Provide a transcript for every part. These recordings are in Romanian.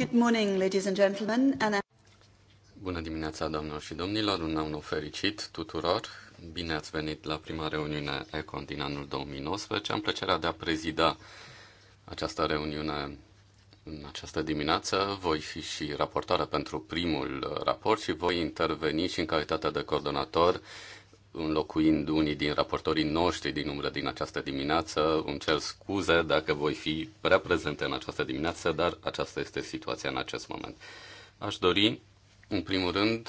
Good morning, ladies and gentlemen, and Bună dimineața, doamnelor și domnilor, un an fericit tuturor. Bine ați venit la prima reuniune ECON din anul 2019. Am plăcerea de a prezida această reuniune în această dimineață. Voi fi și raportoare pentru primul raport și voi interveni și în calitate de coordonator înlocuind unii din raportorii noștri din umbră din această dimineață. Îmi cer scuze dacă voi fi prea prezent în această dimineață, dar aceasta este situația în acest moment. Aș dori, în primul rând,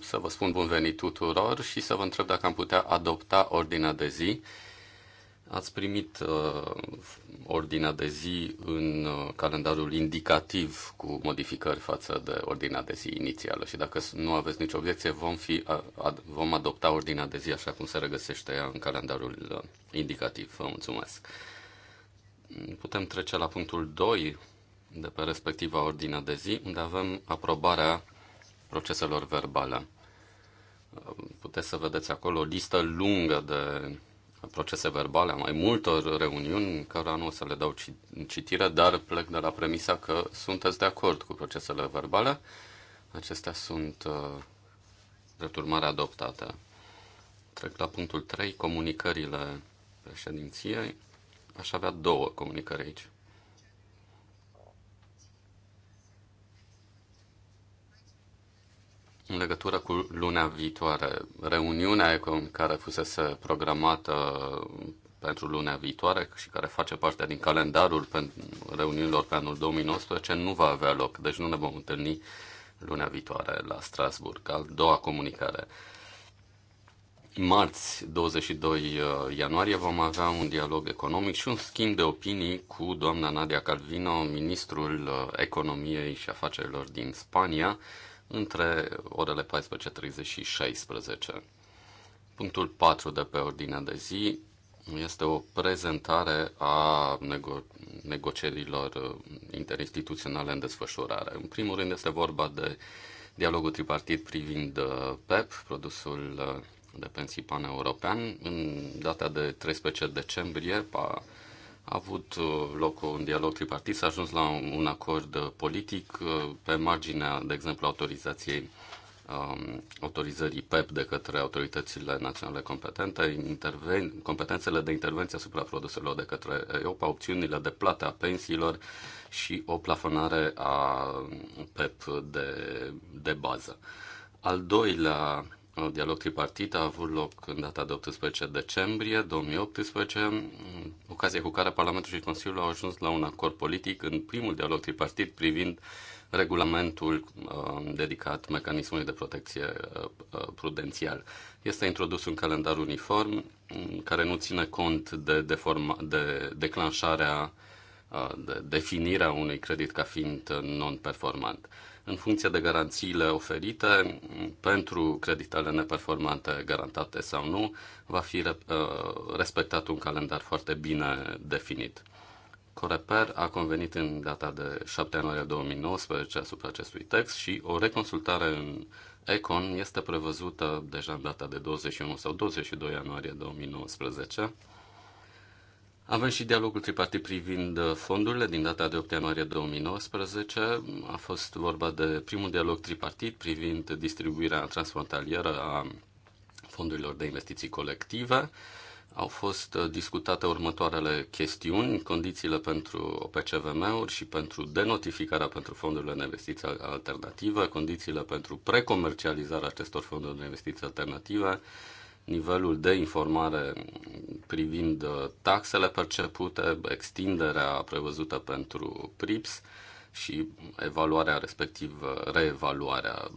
să vă spun bun venit tuturor și să vă întreb dacă am putea adopta ordinea de zi Ați primit uh, ordinea de zi în uh, calendarul indicativ cu modificări față de ordinea de zi inițială și dacă nu aveți nicio obiecție, vom, fi, ad, vom adopta ordinea de zi așa cum se regăsește ea în calendarul uh, indicativ. Vă mulțumesc. Putem trece la punctul 2 de pe respectiva ordinea de zi, unde avem aprobarea proceselor verbale. Uh, puteți să vedeți acolo o listă lungă de procese verbale a mai multor reuniuni, care nu o să le dau citire, dar plec de la premisa că sunteți de acord cu procesele verbale. Acestea sunt, uh, drept urmare, adoptate. Trec la punctul 3, comunicările președinției. Aș avea două comunicări aici. în legătură cu luna viitoare. Reuniunea care fusese programată pentru luna viitoare și care face parte din calendarul reuniunilor pe anul 2019 nu va avea loc, deci nu ne vom întâlni luna viitoare la Strasburg. Al doua comunicare. Marți, 22 uh, ianuarie, vom avea un dialog economic și un schimb de opinii cu doamna Nadia Calvino, ministrul uh, economiei și afacerilor din Spania, între orele 14.30 și 16. Punctul 4 de pe ordinea de zi este o prezentare a nego- negocierilor uh, interinstituționale în desfășurare. În primul rând este vorba de dialogul tripartit privind PEP, uh, produsul uh, de pensii pan-european. În data de 13 decembrie, a avut uh, loc un dialog tripartit, s-a ajuns la un acord uh, politic uh, pe marginea, de exemplu, autorizației um, autorizării PEP de către autoritățile naționale competente, interven- competențele de intervenție asupra produselor de către EOPA, opțiunile de plată a pensiilor și o plafonare a PEP de, de bază. Al doilea un dialog tripartit a avut loc în data de 18 decembrie 2018, ocazie cu care Parlamentul și Consiliul au ajuns la un acord politic în primul dialog tripartit privind regulamentul uh, dedicat mecanismului de protecție uh, uh prudențial. Este introdus un calendar uniform mm, care nu ține cont de, deforma, de declanșarea, uh, de definirea unui credit ca fiind non-performant în funcție de garanțiile oferite pentru creditele neperformante garantate sau nu, va fi uh, respectat un calendar foarte bine definit. Coreper a convenit în data de 7 ianuarie 2019 asupra acestui text și o reconsultare în Econ este prevăzută deja în data de 21 sau 22 ianuarie 2019 avem și dialogul tripartit privind uh, fondurile din data de 8 ianuarie 2019. A fost vorba de primul dialog tripartit privind distribuirea transfrontalieră a fondurilor de investiții colective. Au fost uh, discutate următoarele chestiuni, condițiile pentru OPCVM-uri și pentru denotificarea pentru fondurile de investiții alternative, condițiile pentru precomercializarea acestor fonduri de investiții alternative, nivelul de informare privind uh, taxele percepute, extinderea prevăzută pentru PRIPS și evaluarea respectiv uh, reevaluarea.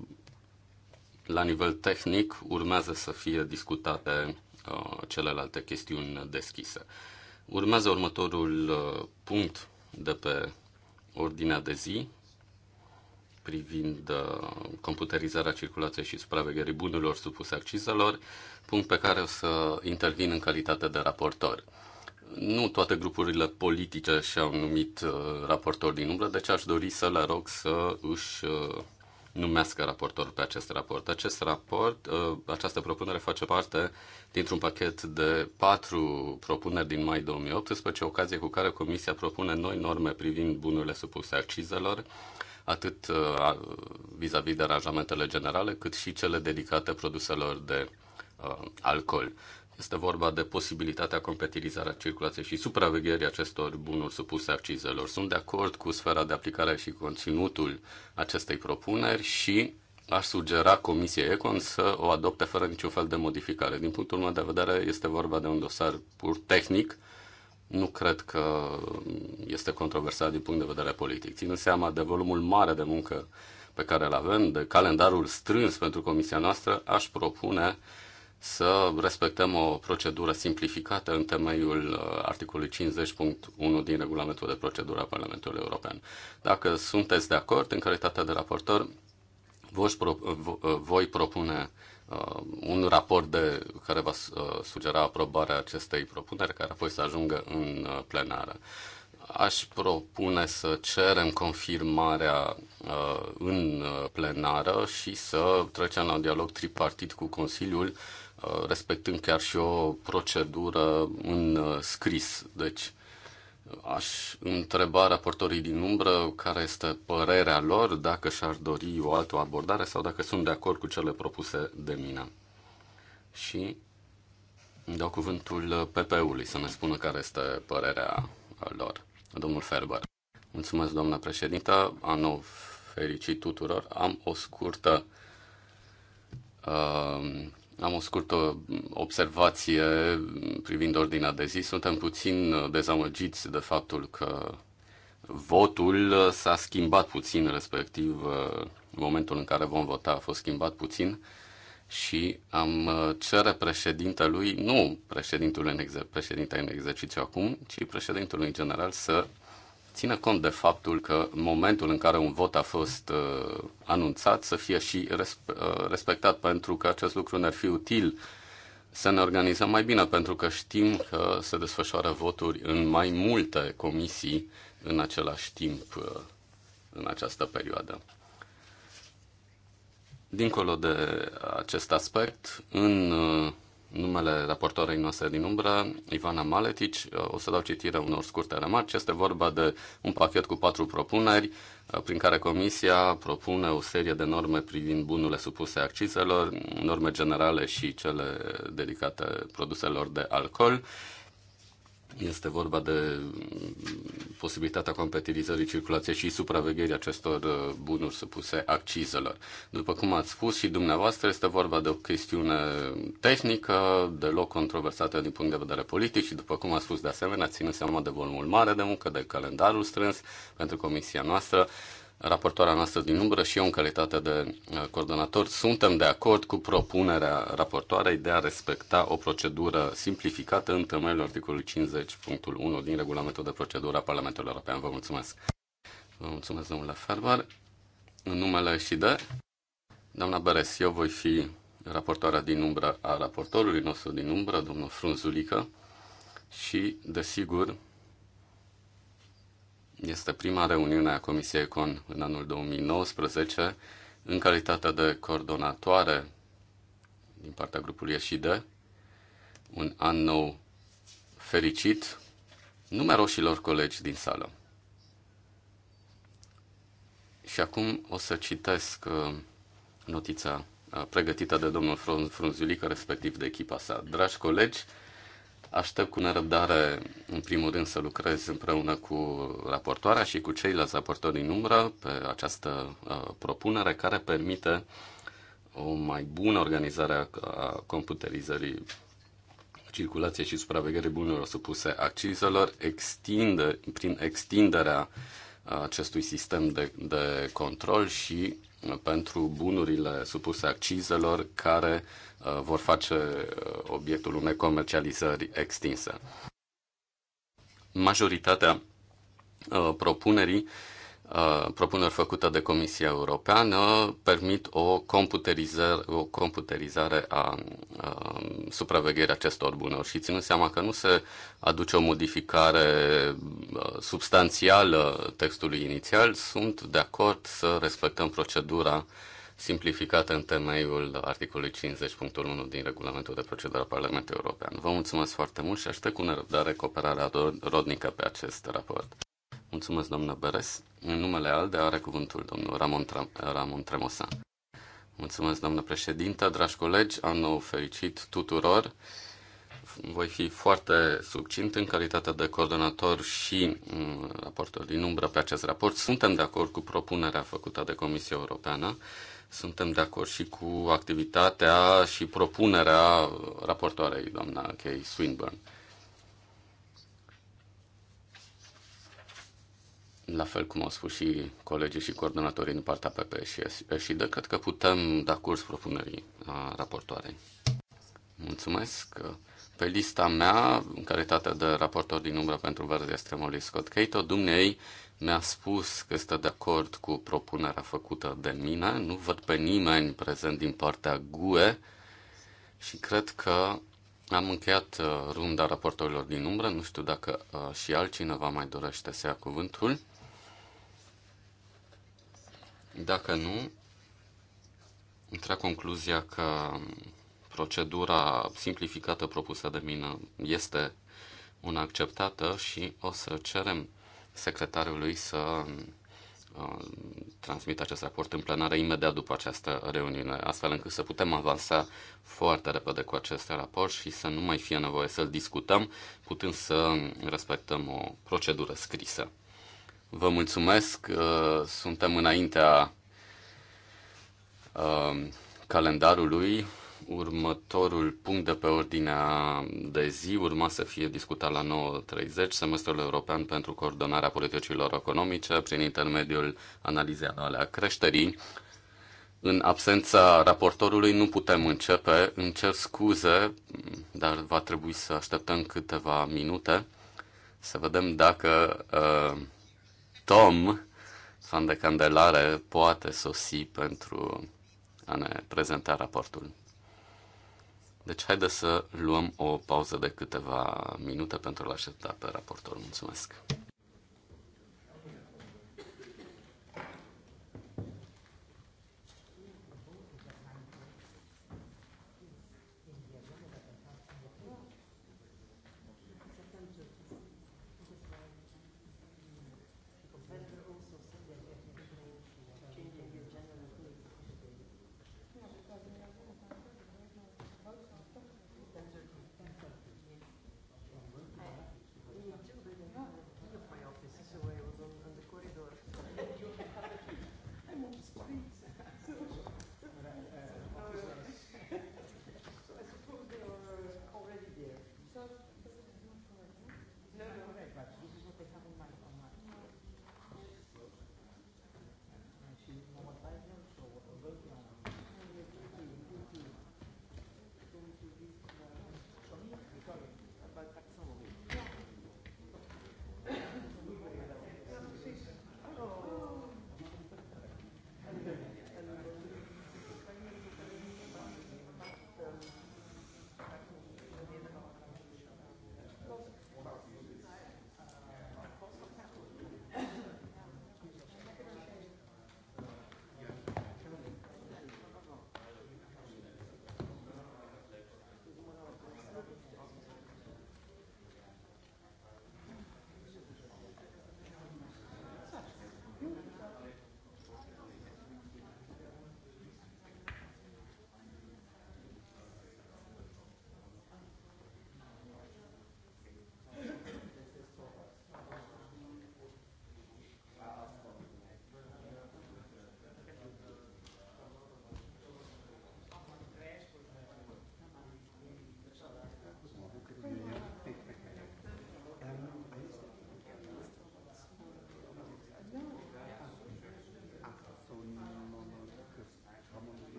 La nivel tehnic urmează să fie discutate uh, celelalte chestiuni deschise. Urmează următorul punct de pe ordinea de zi privind computerizarea circulației și supravegherii bunurilor supuse accizelor punct pe care o să intervin în calitate de raportor. Nu toate grupurile politice și-au numit uh, raportor din umbră, deci aș dori să le rog să își uh, numească raportorul pe acest raport. Acest raport, uh, această propunere face parte dintr-un pachet de patru propuneri din mai 2018, ocazie cu care Comisia propune noi norme privind bunurile supuse accizelor, atât vis-a-vis -vis de aranjamentele generale, cât și cele dedicate produselor de uh, alcool. Este vorba de posibilitatea competitivizarea circulației și supravegherii acestor bunuri supuse accizelor. Sunt de acord cu sfera de aplicare și conținutul acestei propuneri și aș sugera Comisiei Econ să o adopte fără niciun fel de modificare. Din punctul meu de vedere, este vorba de un dosar pur tehnic. Nu cred că este controversat din punct de vedere politic. Ținând seama de volumul mare de muncă pe care îl avem, de calendarul strâns pentru Comisia noastră, aș propune să respectăm o procedură simplificată în temeiul uh, articolului 50.1 din regulamentul de procedură a Parlamentului European. Dacă sunteți de acord, în calitate de raportor, voi uh, propune uh, un raport de, care va sugera aprobarea acestei propuneri, care apoi să ajungă în plenară. Aș propune să cerem confirmarea în plenară și să trecem la un dialog tripartit cu Consiliul Uh, respectând chiar și o procedură în uh, scris. Deci, aș întreba raportorii din umbră care este părerea lor, dacă și-ar dori o altă abordare sau dacă sunt de acord cu cele propuse de mine. Și dau cuvântul PP-ului să ne spună care este părerea lor. Domnul Ferber. Mulțumesc, doamna președintă. Anov, fericit tuturor. Am o scurtă uh, am o scurtă observație privind ordinea de zi. Suntem puțin dezamăgiți de faptul că votul s-a schimbat puțin, respectiv momentul în care vom vota a fost schimbat puțin și am cere președintelui, nu președintele în, exer- președinte în exercițiu acum, ci președintelui în general să țină cont de faptul că momentul în care un vot a fost uh, anunțat să fie și resp- uh, respectat, pentru că acest lucru ne-ar fi util să ne organizăm mai bine, pentru că știm că se desfășoară voturi în mai multe comisii în același timp uh, în această perioadă. Dincolo de acest aspect, în uh, numele raportoarei noastre din umbră, Ivana Maletici. Uh, o să dau citire unor scurte remarci. Este vorba de un pachet cu patru propuneri, uh, prin care Comisia propune o serie de norme privind bunurile supuse accizelor, norme generale și cele dedicate produselor de alcool. Este vorba de mm, posibilitatea competitivizării circulației și supravegherii acestor uh, bunuri supuse accizelor. După cum ați spus și dumneavoastră, este vorba de o chestiune tehnică, deloc controversată din punct de vedere politic și, după cum ați spus de asemenea, ținând seama de volumul mare de muncă, de calendarul strâns pentru comisia noastră, raportoarea noastră din umbră și eu în calitate de uh, coordonator, suntem de acord cu propunerea raportoarei de a respecta o procedură simplificată în temeiul articolului 50.1 din regulamentul de procedură a Parlamentului European. Vă mulțumesc! Vă mulțumesc, domnule Ferber. În numele și de doamna Beres, eu voi fi raportoarea din umbră a raportorului nostru din umbră, domnul Frunzulică, și, desigur, este prima reuniune a Comisiei Econ în anul 2019 în calitatea de coordonatoare din partea grupului Ieșide. Un an nou fericit numeroșilor colegi din sală. Și acum o să citesc uh, notița uh, pregătită de domnul Frunziulică, respectiv de echipa sa. Dragi colegi, Aștept cu nerăbdare, în primul rând, să lucrez împreună cu raportoarea și cu ceilalți raportori din umbră pe această uh, propunere care permite o mai bună organizare a computerizării circulației și supravegherii bunurilor supuse accizelor, extinde, prin extinderea uh, acestui sistem de, de control și pentru bunurile supuse accizelor care uh, vor face uh, obiectul unei comercializări extinse. Majoritatea uh, propunerii Uh, propuneri făcute de Comisia Europeană permit o computerizare, o computerizare a, a um, supravegherii acestor bunuri și ținând seama că nu se aduce o modificare uh, substanțială textului inițial, sunt de acord să respectăm procedura simplificată în temeiul articolului 50.1 din regulamentul de procedură al Parlamentului European. Vă mulțumesc foarte mult și aștept cu nerăbdare cooperarea rodnică pe acest raport. Mulțumesc, doamnă Beres. În numele ALDE are cuvântul domnul Ramon, Tra- Ramon Tremosan. Mulțumesc, doamnă președintă, dragi colegi, am nou fericit tuturor. Voi fi foarte succint în calitate de coordonator și mm, raportor din umbră pe acest raport. Suntem de acord cu propunerea făcută de Comisia Europeană suntem de acord și cu activitatea și propunerea raportoarei, doamna Kay Swinburne. la fel cum au spus și colegii și coordonatorii din partea PP și SID, cred că putem da curs propunerii raportoarei. Mulțumesc! Pe lista mea, în calitate de raportor din umbră pentru Verde Extremului Scott Cato, dumnei mi-a spus că este de acord cu propunerea făcută de mine. Nu văd pe nimeni prezent din partea GUE și cred că am încheiat uh, runda raportorilor din umbră. Nu știu dacă uh, și altcineva mai dorește să ia cuvântul. Dacă nu, trag concluzia că procedura simplificată propusă de mine este una acceptată și o să cerem secretarului să uh, transmit acest raport în plenară imediat după această reuniune, astfel încât să putem avansa foarte repede cu acest raport și să nu mai fie nevoie să-l discutăm, putând să respectăm o procedură scrisă. Vă mulțumesc. Uh, suntem înaintea uh, calendarului. Următorul punct de pe ordinea de zi urma să fie discutat la 9.30, semestrul european pentru coordonarea politicilor economice prin intermediul analizei anuale a creșterii. În absența raportorului nu putem începe. Îmi cer scuze, dar va trebui să așteptăm câteva minute să vedem dacă uh, Tom Fan de Candelare poate sosi pentru a ne prezenta raportul. Deci haide să luăm o pauză de câteva minute pentru a-l aștepta pe raportor. Mulțumesc!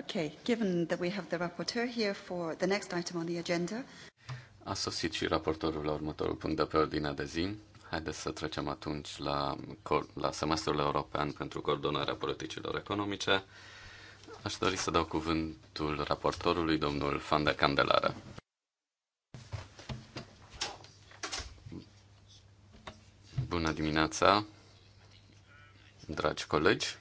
Okay, given that we have the rapporteur here for the next item on the agenda. A sosit și raportorul la următorul punct de pe ordinea de zi. Haideți să trecem atunci la, la semestrul european pentru coordonarea politicilor economice. Aș dori să dau cuvântul raportorului, domnul Fan de Candelară. Bună dimineața, dragi colegi!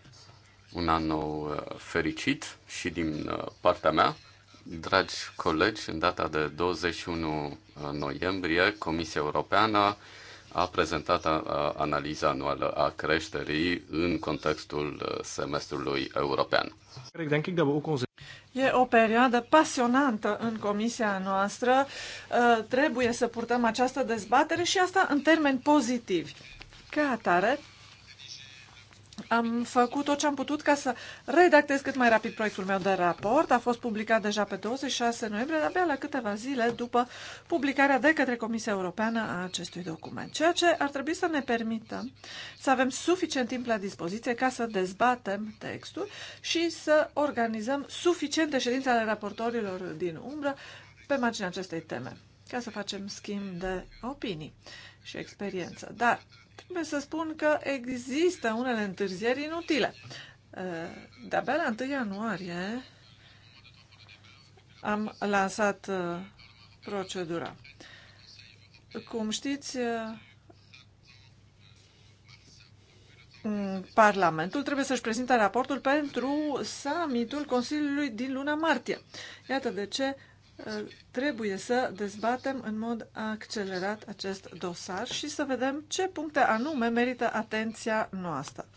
un an nou uh, fericit și din uh, partea mea. Dragi colegi, în data de 21 uh, noiembrie, Comisia Europeană a prezentat analiza anuală a creșterii în contextul semestrului european. E o perioadă pasionantă în comisia noastră. Trebuie să purtăm această dezbatere și asta în termeni pozitivi. Ca atare, am făcut tot ce am putut ca să redactez cât mai rapid proiectul meu de raport. A fost publicat deja pe 26 noiembrie, abia la câteva zile după publicarea de către Comisia Europeană a acestui document, ceea ce ar trebui să ne permită să avem suficient timp la dispoziție ca să dezbatem textul și să organizăm suficiente ședințe ale raportorilor din umbră pe marginea acestei teme, ca să facem schimb de opinii și experiență. Dar Trebuie să spun că există unele întârzieri inutile. Uh, de-abia la 1 ianuarie am lansat uh, procedura. Cum știți, uh, Parlamentul trebuie să-și prezinte raportul pentru summitul Consiliului din luna martie. Iată de ce Trebuie să dezbatem în mod accelerat acest dosar și să vedem ce puncte anume merită atenția noastră.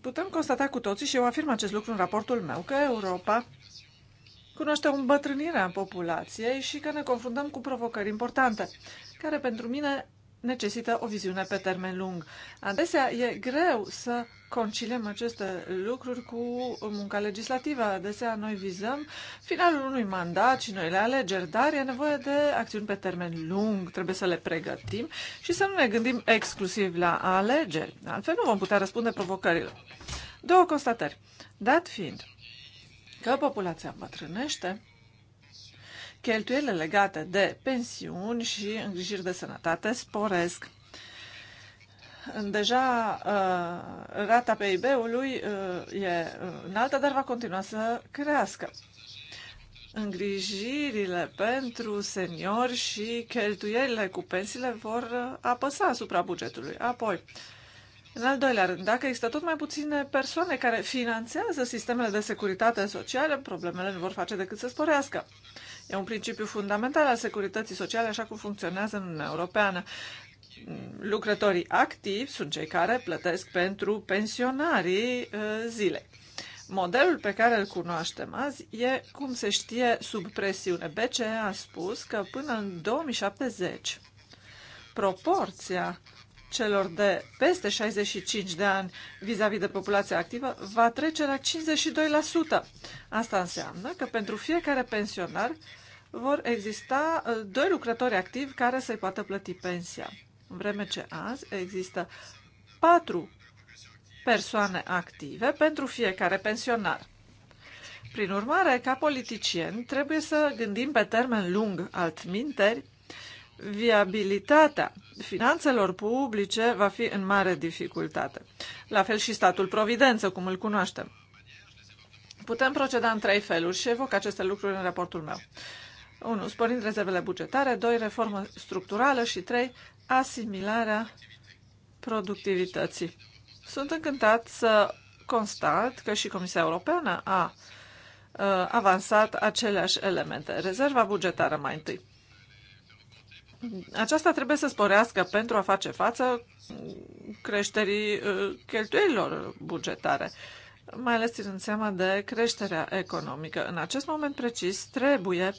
Putem constata cu toții, și eu afirm acest lucru în raportul meu, că Europa cunoaște o îmbătrânire a populației și că ne confruntăm cu provocări importante, care pentru mine necesită o viziune pe termen lung. Adesea e greu să conciliem aceste lucruri cu munca legislativă. Adesea noi vizăm finalul unui mandat și noile alegeri, dar e nevoie de acțiuni pe termen lung, trebuie să le pregătim și să nu ne gândim exclusiv la alegeri. Altfel nu vom putea răspunde provocărilor. Două constatări. Dat fiind că populația îmbătrânește, cheltuielile legate de pensiuni și îngrijiri de sănătate sporesc. Deja uh, rata PIB-ului uh, e uh, înaltă, dar va continua să crească. Îngrijirile pentru seniori și cheltuielile cu pensiile vor uh, apăsa asupra bugetului. Apoi, în al doilea rând, dacă există tot mai puține persoane care finanțează sistemele de securitate socială, problemele nu vor face decât să sporească. E un principiu fundamental al securității sociale, așa cum funcționează în Uniunea Europeană lucrătorii activi sunt cei care plătesc pentru pensionarii uh, zile. Modelul pe care îl cunoaștem azi e, cum se știe, sub presiune. BCE a spus că până în 2070 proporția celor de peste 65 de ani vis-a-vis -vis de populația activă va trece la 52%. Asta înseamnă că pentru fiecare pensionar vor exista uh, doi lucrători activi care să-i poată plăti pensia. În vreme ce azi există patru persoane active pentru fiecare pensionar. Prin urmare, ca politicieni, trebuie să gândim pe termen lung altminteri, viabilitatea finanțelor publice va fi în mare dificultate. La fel și statul providență, cum îl cunoaștem. Putem proceda în trei feluri și evoc aceste lucruri în raportul meu. 1. Sporind rezervele bugetare, 2. Reformă structurală și 3 asimilarea productivității. Sunt încântat să constat că și Comisia Europeană a uh, avansat aceleași elemente. Rezerva bugetară mai întâi. Aceasta trebuie să sporească pentru a face față creșterii uh, cheltuielilor bugetare mai ales ținând seama de creșterea economică. În acest moment precis trebuie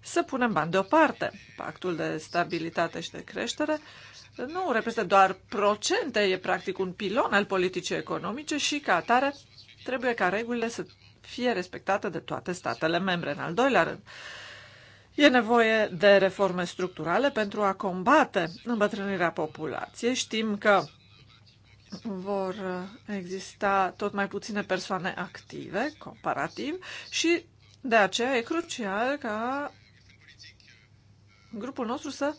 să punem bani deoparte. Pactul de stabilitate și de creștere nu reprezintă doar procente, e practic un pilon al politicii economice și ca atare trebuie ca regulile să fie respectate de toate statele membre. În al doilea rând, E nevoie de reforme structurale pentru a combate îmbătrânirea populației. Știm că vor uh, exista tot mai puține persoane active, comparativ, și de aceea e crucial ca grupul nostru să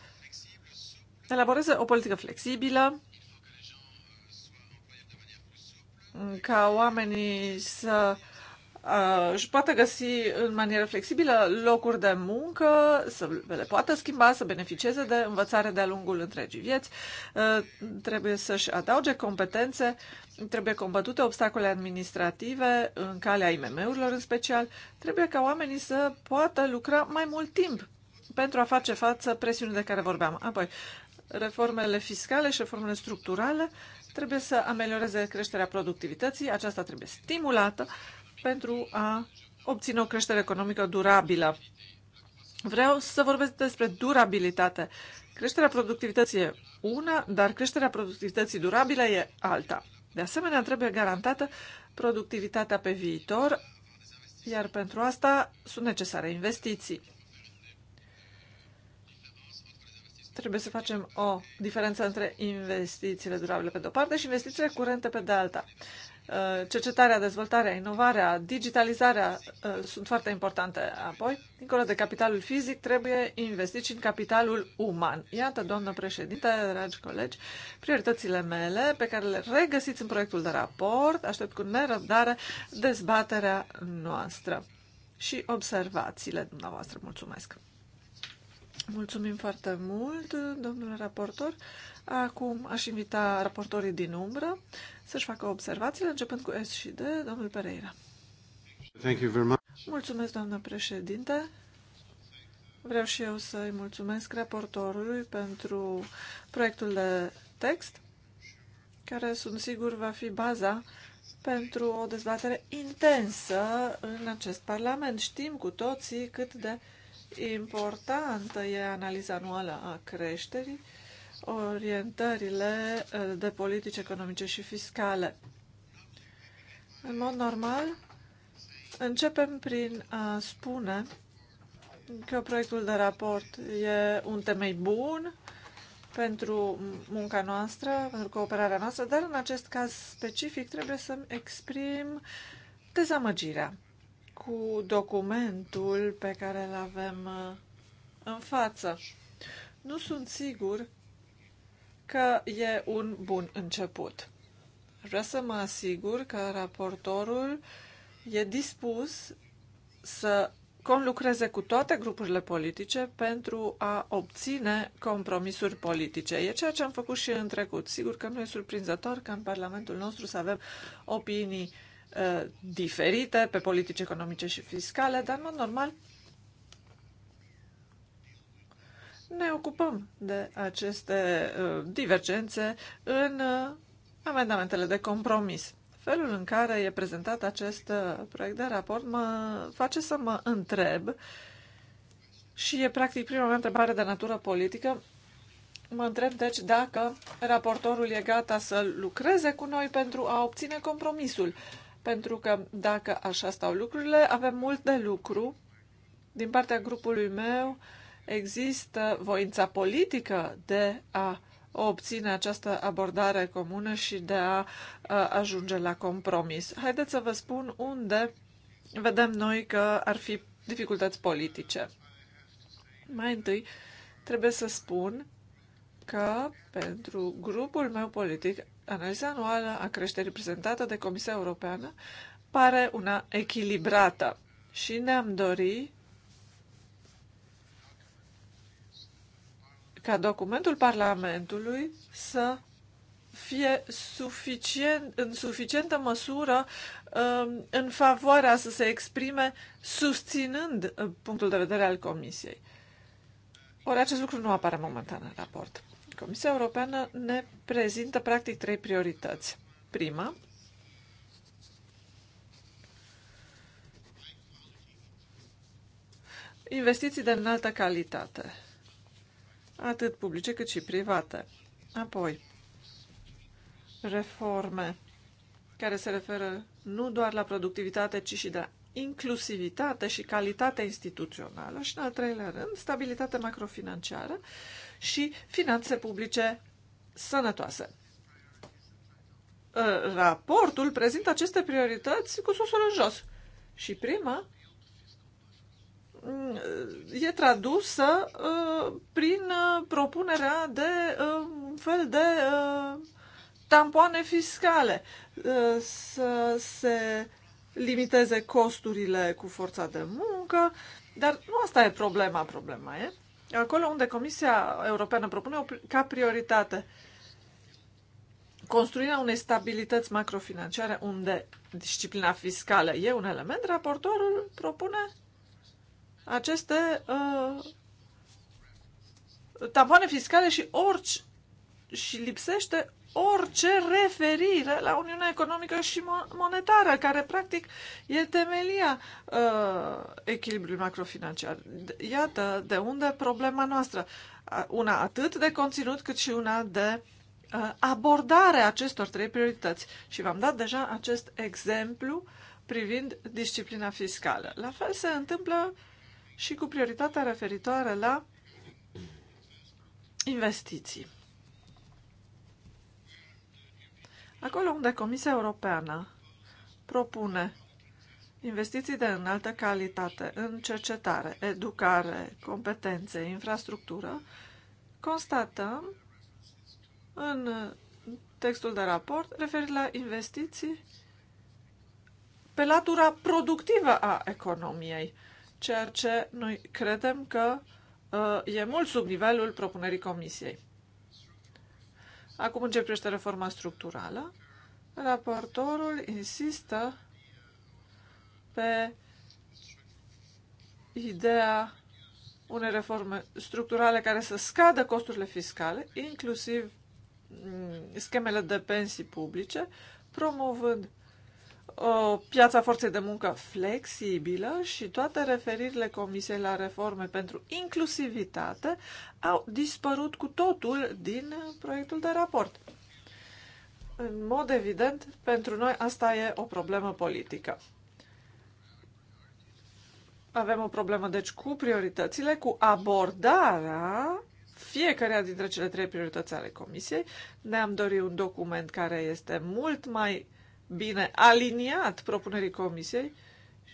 elaboreze o politică flexibilă, ca oamenii să Uh, își poate găsi în manieră flexibilă locuri de muncă, să le poată schimba, să beneficieze de învățare de-a lungul întregii vieți, uh, trebuie să-și adauge competențe, trebuie combătute obstacole administrative în calea IMM-urilor în special, trebuie ca oamenii să poată lucra mai mult timp pentru a face față presiunii de care vorbeam. Apoi, reformele fiscale și reformele structurale trebuie să amelioreze creșterea productivității, aceasta trebuie stimulată, uh, pentru a obține o creștere economică durabilă. Vreau să vorbesc despre durabilitate. Creșterea productivității e una, dar creșterea productivității durabile e alta. De asemenea, trebuie garantată productivitatea pe viitor, iar pentru asta sunt necesare investiții. Trebuie să facem o diferență între investițiile durabile pe de-o parte și investițiile curente pe de alta. Uh, cercetarea, dezvoltarea, inovarea, digitalizarea uh, sunt foarte importante. Apoi, dincolo de capitalul fizic, trebuie investit și în capitalul uman. Iată, doamnă președinte, dragi colegi, prioritățile mele pe care le regăsiți în proiectul de raport. Aștept cu nerăbdare dezbaterea noastră și observațiile dumneavoastră. Mulțumesc! Mulțumim foarte mult, domnule raportor. Acum aș invita raportorii din umbră să-și facă observațiile, începând cu S și D, domnul Pereira. Thank you very much. Mulțumesc, doamnă președinte. Vreau și eu să-i mulțumesc raportorului pentru proiectul de text, care sunt sigur va fi baza pentru o dezbatere intensă în acest Parlament. Știm cu toții cât de Importantă e analiza anuală a creșterii, orientările eh, de politici economice și fiscale. În mod normal, începem prin a spune că proiectul de raport e un temei bun pentru munca noastră, pentru cooperarea noastră, dar în acest caz specific trebuie să-mi exprim dezamăgirea cu documentul pe care îl avem uh, în față. Nu sunt sigur că e un bun început. Vreau să mă asigur că raportorul e dispus să conlucreze cu toate grupurile politice pentru a obține compromisuri politice. E ceea ce am făcut și în trecut. Sigur că nu e surprinzător că în Parlamentul nostru să avem opinii uh, Uh, diferite pe politici economice și fiscale, dar, în mod normal, ne ocupăm de aceste uh, divergențe în uh, amendamentele de compromis. Felul în care e prezentat acest proiect de raport mă face să mă întreb și e practic prima mea întrebare de natură politică. Mă întreb deci dacă raportorul e gata să lucreze cu noi pentru a obține compromisul pentru că dacă așa stau lucrurile, avem mult de lucru. Din partea grupului meu există voința politică de a obține această abordare comună și de a, ajunge la compromis. Haideți să vă spun unde vedem noi că ar fi dificultăți politice. Mai întâi, trebuie să spun că pentru grupul meu politic Analiza anuală a creșterii prezentată de Comisia Europeană pare una echilibrată și ne-am dori ca documentul Parlamentului să fie suficient, în suficientă măsură um, în favoarea să se exprime susținând uh, punctul de vedere al Comisiei. Ori acest lucru nu apare momentan în raport. Comisia Europeană ne prezintă practic trei priorități. Prima, investiții de înaltă calitate, atât publice cât și private. Apoi, reforme care se referă nu doar la productivitate, ci și la inclusivitate și calitate instituțională și, în al treilea rând, stabilitate macrofinanciară și finanțe publice sănătoase. Raportul prezintă aceste priorități cu susul în jos și prima mm, e tradusă uh, prin uh, propunerea de uh, un fel de tampoane fiscale, să se limiteze costurile cu forța de muncă, dar nu asta e problema. Problema e acolo unde Comisia Europeană propune ca prioritate construirea unei stabilități macrofinanciare unde disciplina fiscală e un element, raportorul propune aceste uh, tampoane fiscale și orice și lipsește orice referire la Uniunea Economică și Monetară, care practic e temelia uh, echilibrului macrofinanciar. Iată de unde problema noastră. Una atât de conținut cât și una de uh, abordare a acestor trei priorități. Și v-am dat deja acest exemplu privind disciplina fiscală. La fel se întâmplă și cu prioritatea referitoare la investiții. Acolo unde Comisia Europeană propune investiții de înaltă calitate în cercetare, educare, competențe, infrastructură, constatăm în textul de raport referit la investiții pe latura productivă a economiei, ceea ce noi credem că uh, e mult sub nivelul propunerii Comisiei. Acum începe ce reforma structurală, raportorul insistă pe ideea unei reforme structurale care să scadă costurile fiscale, inclusiv mm, schemele de pensii publice, promovând o piață forței de muncă flexibilă și toate referirile Comisiei la reforme pentru inclusivitate au dispărut cu totul din proiectul de raport. În mod evident, pentru noi asta e o problemă politică. Avem o problemă, deci, cu prioritățile, cu abordarea fiecarea dintre cele trei priorități ale Comisiei. Ne-am dorit un document care este mult mai uh, bine aliniat propunerii Comisiei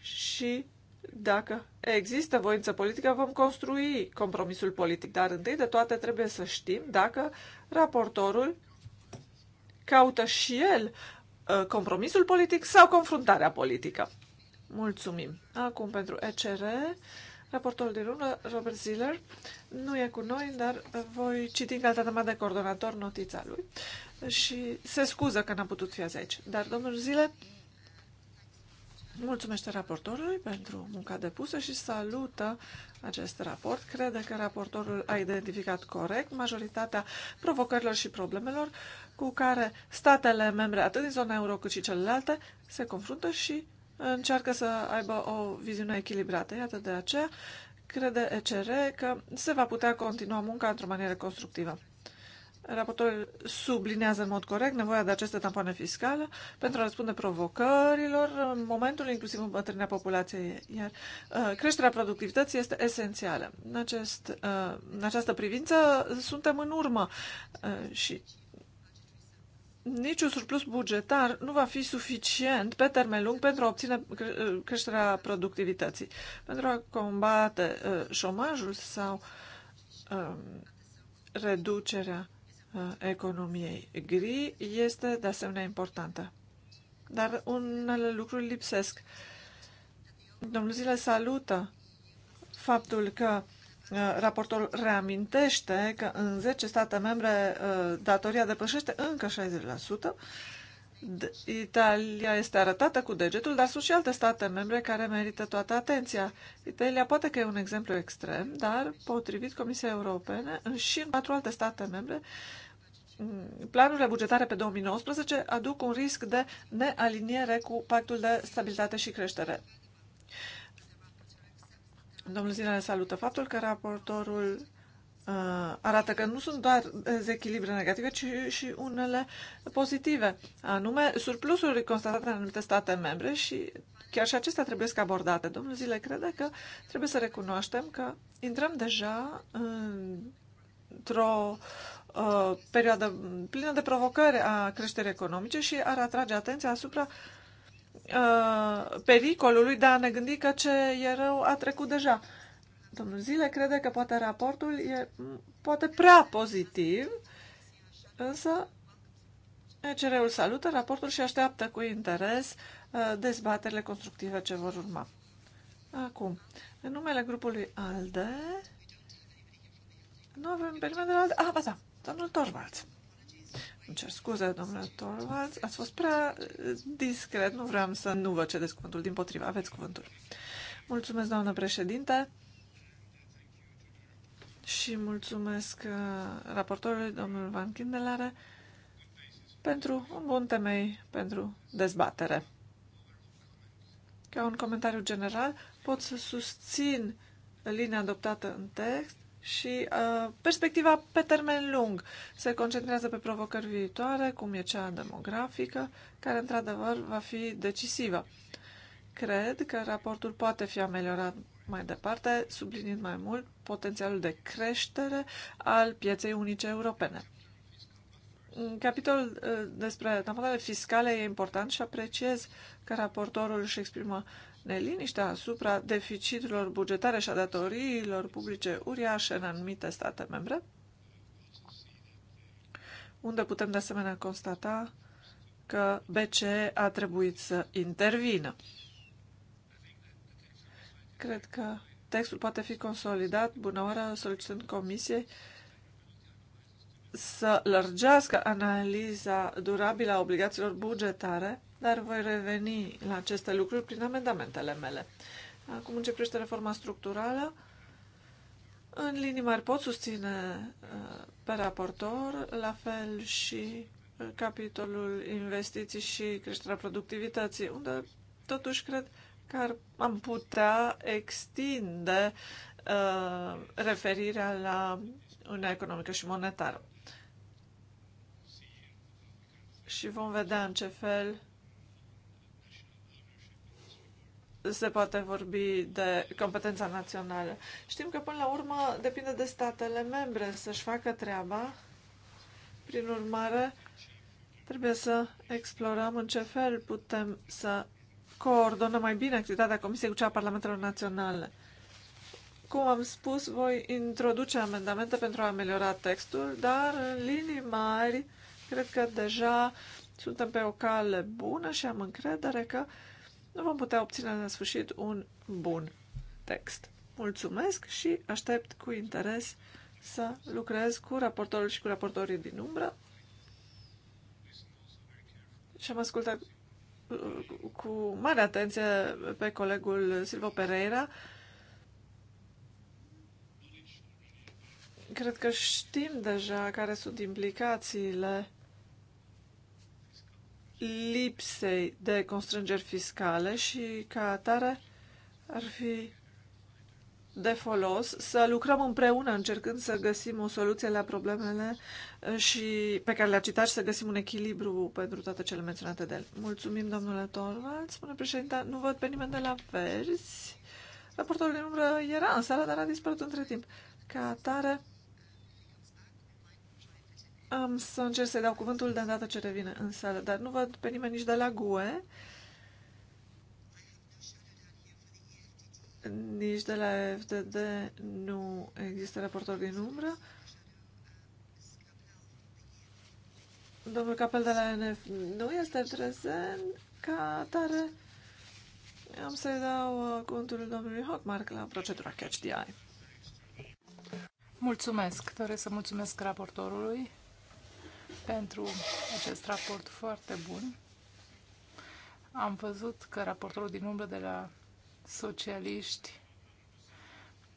și dacă există voință politică, vom construi compromisul politic. Dar întâi de toate trebuie să știm dacă raportorul caută și el uh, compromisul politic sau confruntarea politică. Mulțumim. Acum pentru ECR, raportorul din urmă, Robert Ziller, nu e cu noi, dar voi citi în calitatea mea de coordonator notița lui și se scuză că n-a putut fi azi aici. Dar domnul Zile mulțumește raportorului pentru munca depusă și salută acest raport. Crede că raportorul a identificat corect majoritatea provocărilor și problemelor cu care statele membre, atât din zona euro cât și celelalte, se confruntă și încearcă să aibă o viziune echilibrată. Iată de aceea crede ECR că se va putea continua munca într-o manieră constructivă. Raportorul sublinează în mod corect nevoia de aceste tampoane fiscale pentru a răspunde provocărilor în momentul inclusiv îmbătrânirea populației, iar uh, creșterea productivității este esențială. În, acest, uh, în această privință suntem în urmă uh, și niciun surplus bugetar nu va fi suficient pe termen lung pentru a obține creșterea productivității. Pentru a combate șomajul sau reducerea Uh, economiei gri este de asemenea importantă. Dar unele lucruri lipsesc. Domnul Zile salută faptul că uh, raportul reamintește că în 10 state membre uh, datoria depășește încă 60%. Italia este arătată cu degetul, dar sunt și alte state membre care merită toată atenția. Italia poate că e un exemplu extrem, dar potrivit Comisiei Europene, și în patru alte state membre Mm, planurile bugetare pe 2019 aduc un risc de nealiniere cu pactul de stabilitate și creștere. Domnul Zinale salută faptul că raportorul uh, arată că nu sunt doar dezechilibre negative, ci și unele pozitive, anume surplusuri constatate în anumite state membre și chiar și acestea trebuie să abordate. Domnul Zile crede că trebuie să recunoaștem că intrăm deja într-o Uh, perioadă plină de provocări a creșterii economice și ar atrage atenția asupra uh, pericolului de a ne gândi că ce e rău a trecut deja. Domnul Zile crede că poate raportul e poate prea pozitiv, însă ECR-ul salută raportul și așteaptă cu interes uh, dezbaterile constructive ce vor urma. Acum, în numele grupului ALDE, nu avem pe nimeni de la ALDE. Ah, ba da, Domnul Torvalds. Îmi cer scuze, domnule Torvalds, ați fost prea eh, discret, nu vreau să nu vă cedeți cuvântul, din potriva, aveți cuvântul. Mulțumesc, doamnă președinte, și mulțumesc eh, raportorului, domnul Van Kindelare, pentru un bun temei pentru dezbatere. Ca un comentariu general, pot să susțin linia adoptată în text și uh, perspectiva pe termen lung. Se concentrează pe provocări viitoare, cum e cea demografică, care într-adevăr va fi decisivă. Cred că raportul poate fi ameliorat mai departe, sublinind mai mult potențialul de creștere al pieței unice europene. În capitolul uh, despre tamponare fiscale e important și apreciez că raportorul își exprimă neliniștea asupra deficiturilor bugetare și a datoriilor publice uriașe în anumite state membre, unde putem de asemenea constata că BCE a trebuit să intervină. Cred că textul poate fi consolidat, bună oară, solicitând comisiei să lărgească analiza durabilă a obligațiilor bugetare dar voi reveni la aceste lucruri prin amendamentele mele. Acum începește reforma structurală. În linii mari pot susține uh, pe raportor, la fel și uh, capitolul investiții și creșterea productivității, unde totuși cred că ar, am putea extinde uh, referirea la Uniunea Economică și Monetară. Și vom vedea în ce fel se poate vorbi de competența națională. Știm că până la urmă depinde de statele membre să-și facă treaba. Prin urmare, trebuie să explorăm în ce fel putem să coordonăm mai bine activitatea Comisiei cu cea a Parlamentelor Naționale. Cum am spus, voi introduce amendamente pentru a ameliora textul, dar în linii mari cred că deja suntem pe o cale bună și am încredere că nu vom putea obține în sfârșit un bun text. Mulțumesc și aștept cu interes să lucrez cu raportorul și cu raportorii din umbră. Și am ascultat uh, cu mare atenție pe colegul Silvo Pereira. Cred că știm deja care sunt implicațiile lipsei de constrângeri fiscale și ca atare ar fi de folos să lucrăm împreună încercând să găsim o soluție la problemele uh, și pe care le-a citat și să găsim un echilibru pentru toate cele menționate de el. Mulțumim, domnule Torvald. Spune președinta, nu văd pe nimeni de la Verzi. Raportorul din umbră era în sală, dar a dispărut între timp. Ca atare, am să încerc să-i dau cuvântul de data ce revine în sală, dar nu văd pe nimeni nici de la GUE, nici de la FDD nu există raportor din umbră. Domnul Capel de la NF nu este prezent ca atare. Am să-i dau uh, cuvântul domnului Hockmark la procedura Catch the Eye. Mulțumesc. Doresc să mulțumesc raportorului pentru acest raport foarte bun. Am văzut că raportorul din umbră de la socialiști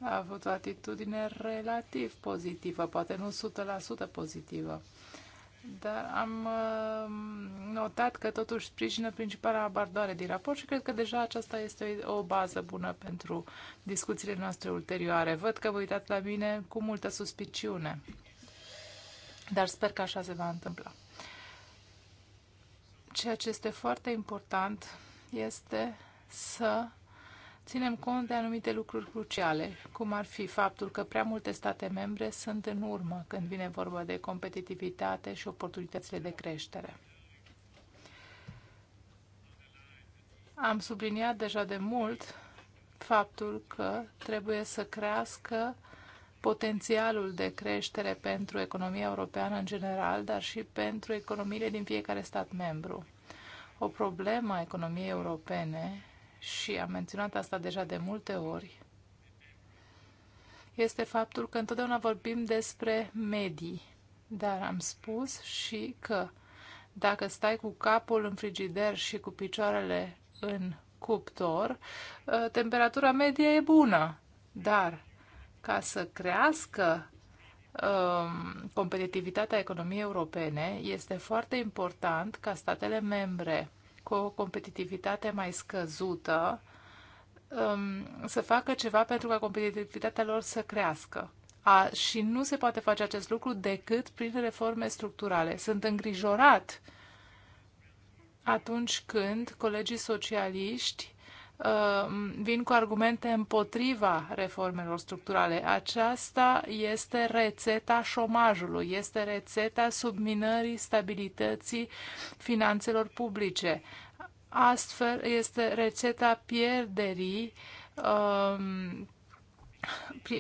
a avut o atitudine relativ pozitivă, poate nu 100% pozitivă. Dar am uh, notat că totuși sprijină principala abordare din raport și cred că deja aceasta este o bază bună pentru discuțiile noastre ulterioare. Văd că vă uitați la mine cu multă suspiciune. Dar sper că așa se va întâmpla. Ceea ce este foarte important este să ținem cont de anumite lucruri cruciale, cum ar fi faptul că prea multe state membre sunt în urmă când vine vorba de competitivitate și oportunitățile de creștere. Am subliniat deja de mult faptul că trebuie să crească potențialul de creștere pentru economia europeană în general, dar și pentru economiile din fiecare stat membru. O problemă a economiei europene, și am menționat asta deja de multe ori, este faptul că întotdeauna vorbim despre medii, dar am spus și că dacă stai cu capul în frigider și cu picioarele în cuptor, eh, temperatura medie e bună, dar ca să crească um, competitivitatea economiei europene, este foarte important ca statele membre cu o competitivitate mai scăzută um, să facă ceva pentru ca competitivitatea lor să crească. A, și nu se poate face acest lucru decât prin reforme structurale. Sunt îngrijorat atunci când colegii socialiști Uh, vin cu argumente împotriva reformelor structurale. Aceasta este rețeta șomajului, este rețeta subminării stabilității finanțelor publice. Astfel, este rețeta pierderii uh,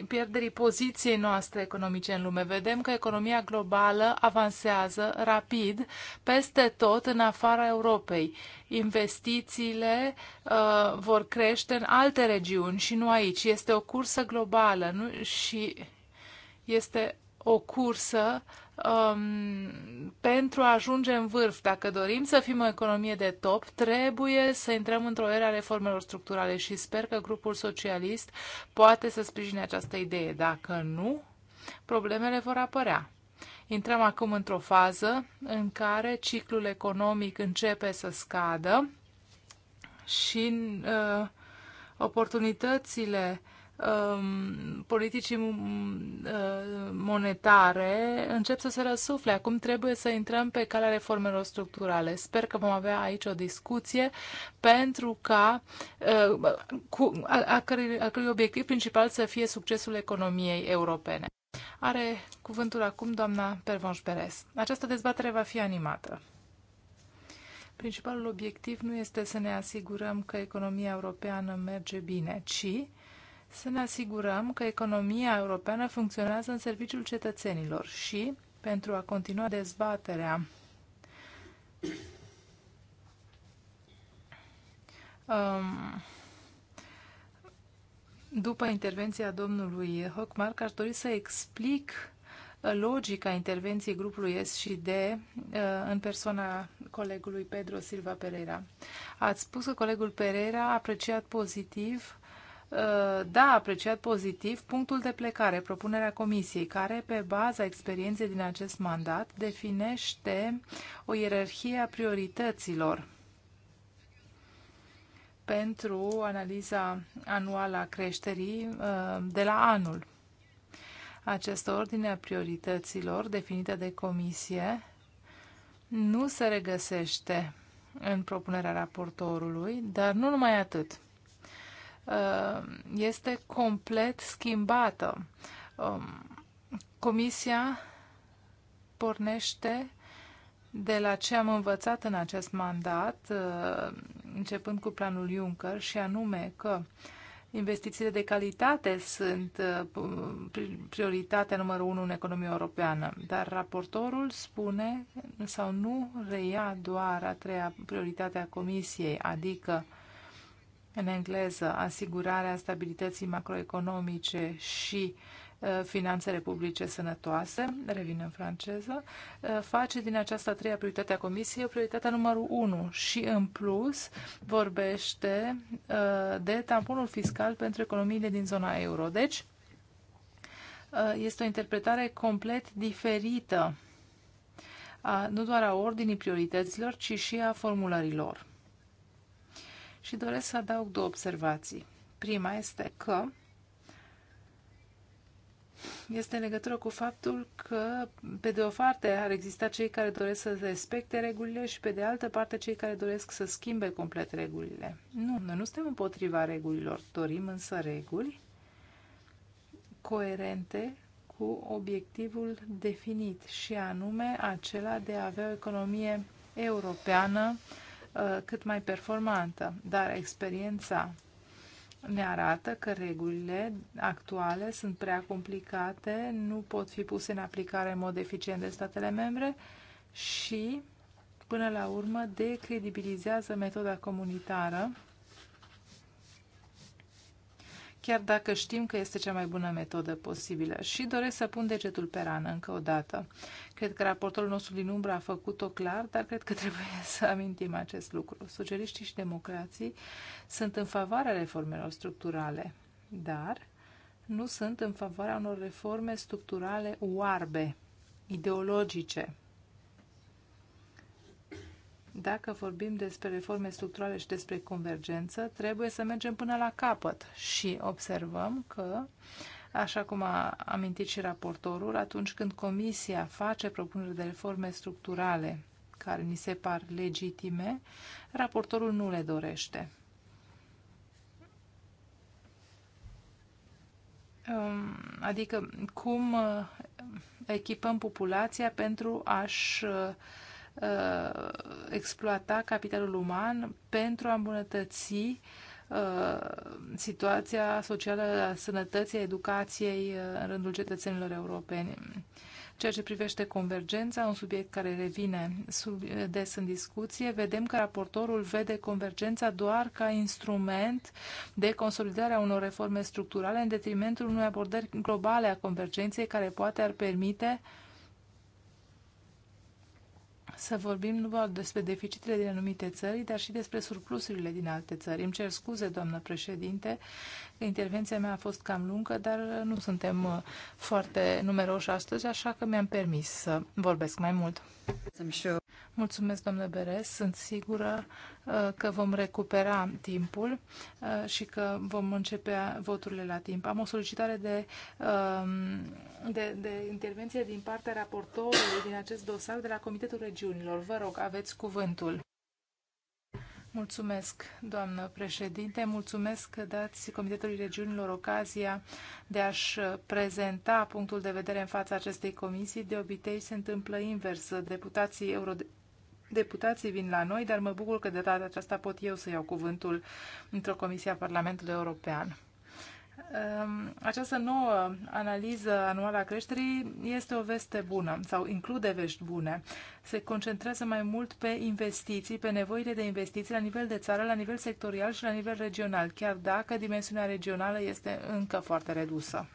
pierderii poziției noastre economice în lume. Vedem că economia globală avansează rapid peste tot în afara Europei. Investițiile uh, vor crește în alte regiuni și nu aici. Este o cursă globală nu? și este o cursă um, pentru a ajunge în vârf. Dacă dorim să fim o economie de top, trebuie să intrăm într-o era reformelor structurale și sper că grupul socialist poate să sprijine această idee. Dacă nu, problemele vor apărea. Intrăm acum într-o fază în care ciclul economic începe să scadă și uh, oportunitățile uh, Um, politicii uh, monetare încep să se răsufle. Acum trebuie să intrăm pe calea reformelor structurale. Sper că vom avea aici o discuție pentru ca uh, cu, a, a, cărui, obiectiv principal să fie succesul economiei europene. Are cuvântul acum doamna Pervonș Perez. Această dezbatere va fi animată. Principalul obiectiv nu este să ne asigurăm că economia europeană merge bine, ci să ne asigurăm că economia europeană funcționează în serviciul cetățenilor și, pentru a continua dezbaterea um, după intervenția domnului Hockmark, aș dori să explic uh, logica intervenției grupului S și D uh, în persoana colegului Pedro Silva Pereira. Ați spus că colegul Pereira a apreciat pozitiv Uh, da, apreciat pozitiv punctul de plecare, propunerea comisiei, care, pe baza experienței din acest mandat, definește o ierarhie a priorităților pentru analiza anuală a creșterii uh, de la anul. Această ordine a priorităților definită de comisie nu se regăsește în propunerea raportorului, dar nu numai atât. Uh, este complet schimbată. Um, comisia pornește de la ce am învățat în acest mandat, uh, începând cu planul Juncker, și anume că investițiile de calitate sunt uh, prioritatea numărul unu în economia europeană, dar raportorul spune sau nu reia doar a treia prioritate a Comisiei, adică în engleză, asigurarea stabilității macroeconomice și uh, finanțele publice sănătoase, revin în franceză, uh, face din această treia prioritate a Comisiei o prioritate numărul 1 și, în plus, vorbește uh, de tamponul fiscal pentru economiile din zona euro. Deci, este o interpretare complet diferită a, nu doar a ordinii priorităților, ci și a formulărilor și doresc să adaug două observații. Prima este că este în legătură cu faptul că, pe de o parte, ar exista cei care doresc să respecte regulile și, pe de altă parte, cei care doresc să schimbe complet regulile. Nu, noi nu suntem împotriva regulilor, dorim însă reguli coerente cu obiectivul definit și anume acela de a avea o economie europeană Uh, cât mai performantă. Dar experiența ne arată că regulile actuale sunt prea complicate, nu pot fi puse în aplicare în mod eficient de statele membre și, până la urmă, decredibilizează metoda comunitară chiar dacă știm că este cea mai bună metodă posibilă. Și doresc să pun degetul pe rană încă o dată. Cred că raportul nostru din umbră a făcut-o clar, dar cred că trebuie să amintim acest lucru. Socialiștii și democrații sunt în favoarea reformelor structurale, dar nu sunt în favoarea unor reforme structurale oarbe, ideologice, dacă vorbim despre reforme structurale și despre convergență, trebuie să mergem până la capăt și observăm că, așa cum a amintit și raportorul, atunci când Comisia face propuneri de reforme structurale care ni se par legitime, raportorul nu le dorește. Um, adică cum uh, echipăm populația pentru a-și uh, uh, exploata capitalul uman pentru a îmbunătăți uh, situația socială a sănătății, a educației uh, în rândul cetățenilor europeni. Ceea ce privește convergența, un subiect care revine sub, des în discuție, vedem că raportorul vede convergența doar ca instrument de consolidare a unor reforme structurale în detrimentul unei abordări globale a convergenței care poate ar permite uh, să vorbim nu doar despre deficitele din anumite țări, dar și despre surplusurile din alte țări. Îmi cer scuze, doamnă președinte, că intervenția mea a fost cam lungă, dar nu suntem uh, foarte numeroși astăzi, așa că mi-am permis să vorbesc mai mult. Mulțumesc, domnule Beres. Sunt sigură uh, că vom recupera timpul uh, și că vom începe voturile la timp. Am o solicitare de, um, de, de intervenție din partea raportorului din acest dosar de la Comitetul Regiunilor. Vă rog, aveți cuvântul. Mulțumesc, doamnă președinte. Mulțumesc că dați Comitetului Regiunilor ocazia de a-și prezenta punctul de vedere în fața acestei comisii. De obicei se întâmplă invers. Deputații euro Deputații vin la noi, dar mă bucur că de data aceasta pot eu să iau cuvântul într-o comisie a Parlamentului European. Ehm, această nouă analiză anuală a creșterii este o veste bună sau include vești bune. Se concentrează mai mult pe investiții, pe nevoile de investiții la nivel de țară, la nivel sectorial și la nivel regional, chiar dacă dimensiunea regională este încă foarte redusă.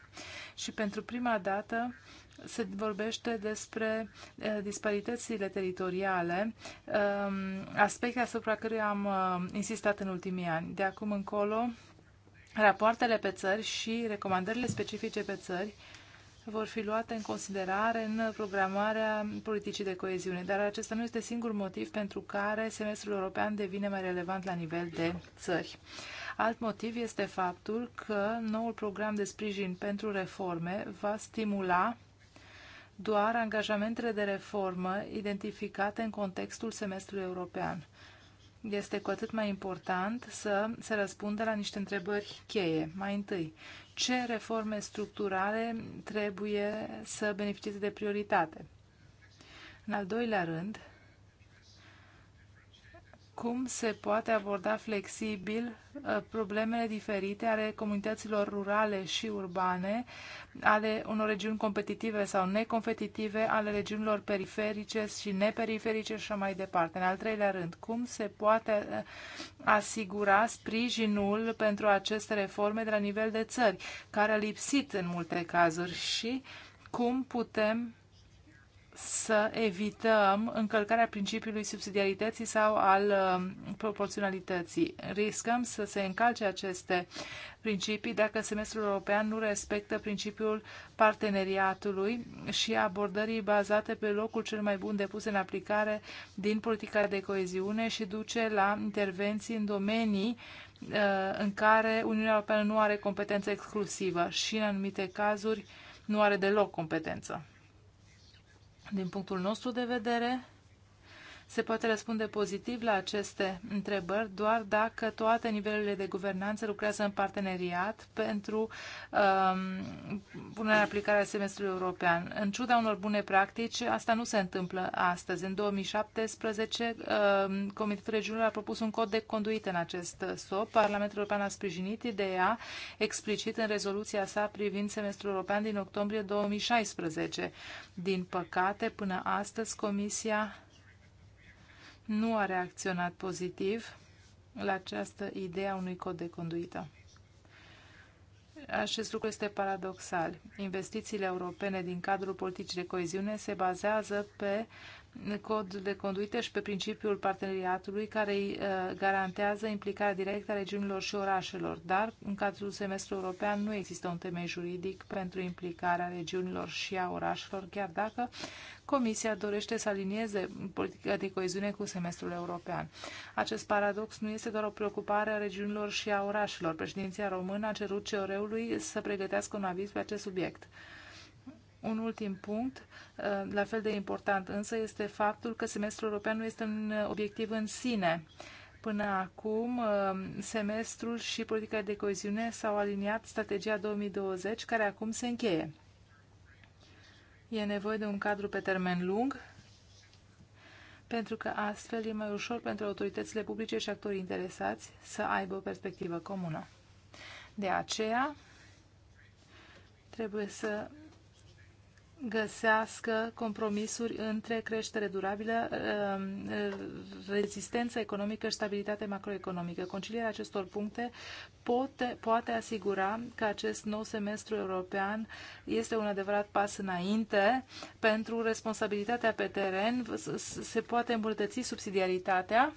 Și pentru prima dată se vorbește despre disparitățile teritoriale, ehm, aspecte asupra căruia am insistat în ultimii ani. De acum încolo, rapoartele pe țări și recomandările specifice pe țări vor fi luate în considerare în programarea politicii de coeziune, dar acesta nu este singur motiv pentru care semestrul european devine mai relevant la nivel de țări. Alt motiv este faptul că noul program de sprijin pentru reforme va stimula doar angajamentele de reformă identificate în contextul semestrului european este cu atât mai important să se răspundă la niște întrebări cheie. Mai întâi, ce reforme structurale trebuie să beneficieze de prioritate? În al doilea rând, cum se poate aborda flexibil uh, problemele diferite ale comunităților rurale și urbane, ale unor regiuni competitive sau necompetitive, ale regiunilor periferice și neperiferice și așa mai departe. În al treilea rând, cum se poate uh, asigura sprijinul pentru aceste reforme de la nivel de țări, care a lipsit în multe cazuri și cum putem să evităm încălcarea principiului subsidiarității sau al um, proporționalității. Riscăm să se încalce aceste principii dacă semestrul european nu respectă principiul parteneriatului și abordării bazate pe locul cel mai bun depus în aplicare din politica de coeziune și duce la intervenții în domenii uh, în care Uniunea Europeană nu are competență exclusivă și, în anumite cazuri, nu are deloc competență din punctul nostru de vedere, se poate răspunde pozitiv la aceste întrebări doar dacă toate nivelurile de guvernanță lucrează în parteneriat pentru um, punerea în aplicare a semestrului european. În ciuda unor bune practici, asta nu se întâmplă astăzi. În 2017, um, Comitetul Regiunilor a propus un cod de conduită în acest SOP. Parlamentul European a sprijinit ideea explicit în rezoluția sa privind semestrul european din octombrie 2016. Din păcate, până astăzi, Comisia nu a reacționat pozitiv la această idee a unui cod de conduită. Acest lucru este paradoxal. Investițiile europene din cadrul politicii de coeziune se bazează pe cod de conduită și pe principiul parteneriatului care îi uh, garantează implicarea directă a regiunilor și orașelor, dar în cazul semestrului european nu există un temei juridic pentru implicarea regiunilor și a orașelor, chiar dacă Comisia dorește să alinieze politica de coeziune cu semestrul european. Acest paradox nu este doar o preocupare a regiunilor și a orașelor. Președinția română a cerut CR-ului să pregătească un aviz pe acest subiect. Un ultim punct, uh, la fel de important însă, este faptul că semestrul european nu este un uh, obiectiv în sine. Până acum, uh, semestrul și politica de coeziune s-au aliniat strategia 2020, care acum se încheie. E nevoie de un cadru pe termen lung, pentru că astfel e mai ușor pentru autoritățile publice și actorii interesați să aibă o perspectivă comună. De aceea, trebuie să găsească compromisuri între creștere durabilă, um, rezistență economică și stabilitate macroeconomică. Concilierea acestor puncte poate, poate asigura că acest nou semestru european este un adevărat pas înainte pentru responsabilitatea pe teren, se poate îmbunătăți subsidiaritatea,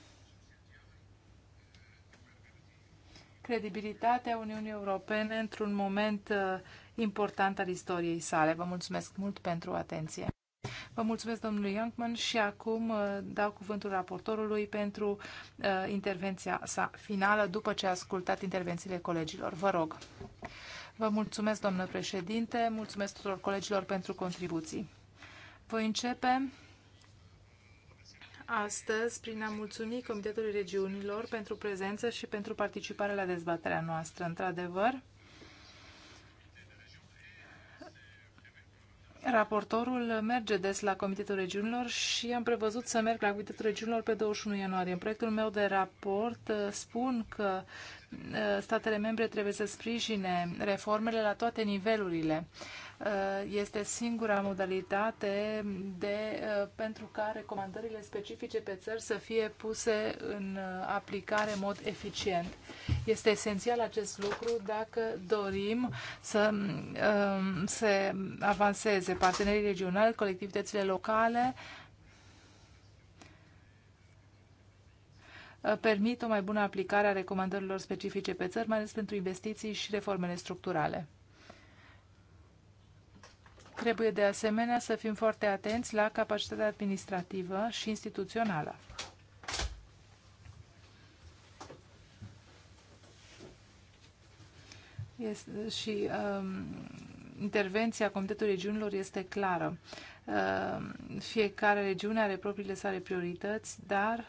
credibilitatea Uniunii Europene într-un moment uh, important al istoriei sale. Vă mulțumesc mult pentru atenție. Vă mulțumesc, domnului Youngman, și acum uh, dau cuvântul raportorului pentru uh, intervenția sa finală, după ce a ascultat intervențiile colegilor. Vă rog. Vă mulțumesc, domnule președinte, mulțumesc tuturor colegilor pentru contribuții. Voi începe astăzi prin a mulțumi Comitetului Regiunilor pentru prezență și pentru participare la dezbaterea noastră. Într-adevăr, Raportorul merge des la Comitetul Regiunilor și am prevăzut să merg la Comitetul Regiunilor pe 21 ianuarie. În proiectul meu de raport uh, spun că uh, statele membre trebuie să sprijine reformele la toate nivelurile Uh, este singura modalitate de, uh, pentru ca recomandările specifice pe țări să fie puse în uh, aplicare în mod eficient. Este esențial acest lucru dacă dorim să um, se avanseze partenerii regionali, colectivitățile locale, permit o mai bună aplicare a recomandărilor specifice pe țări, mai ales pentru investiții și reformele structurale. Trebuie de asemenea să fim foarte atenți la capacitatea administrativă și instituțională. Este, și um, intervenția Comitetului Regiunilor este clară. Uh, fiecare regiune are propriile sale priorități, dar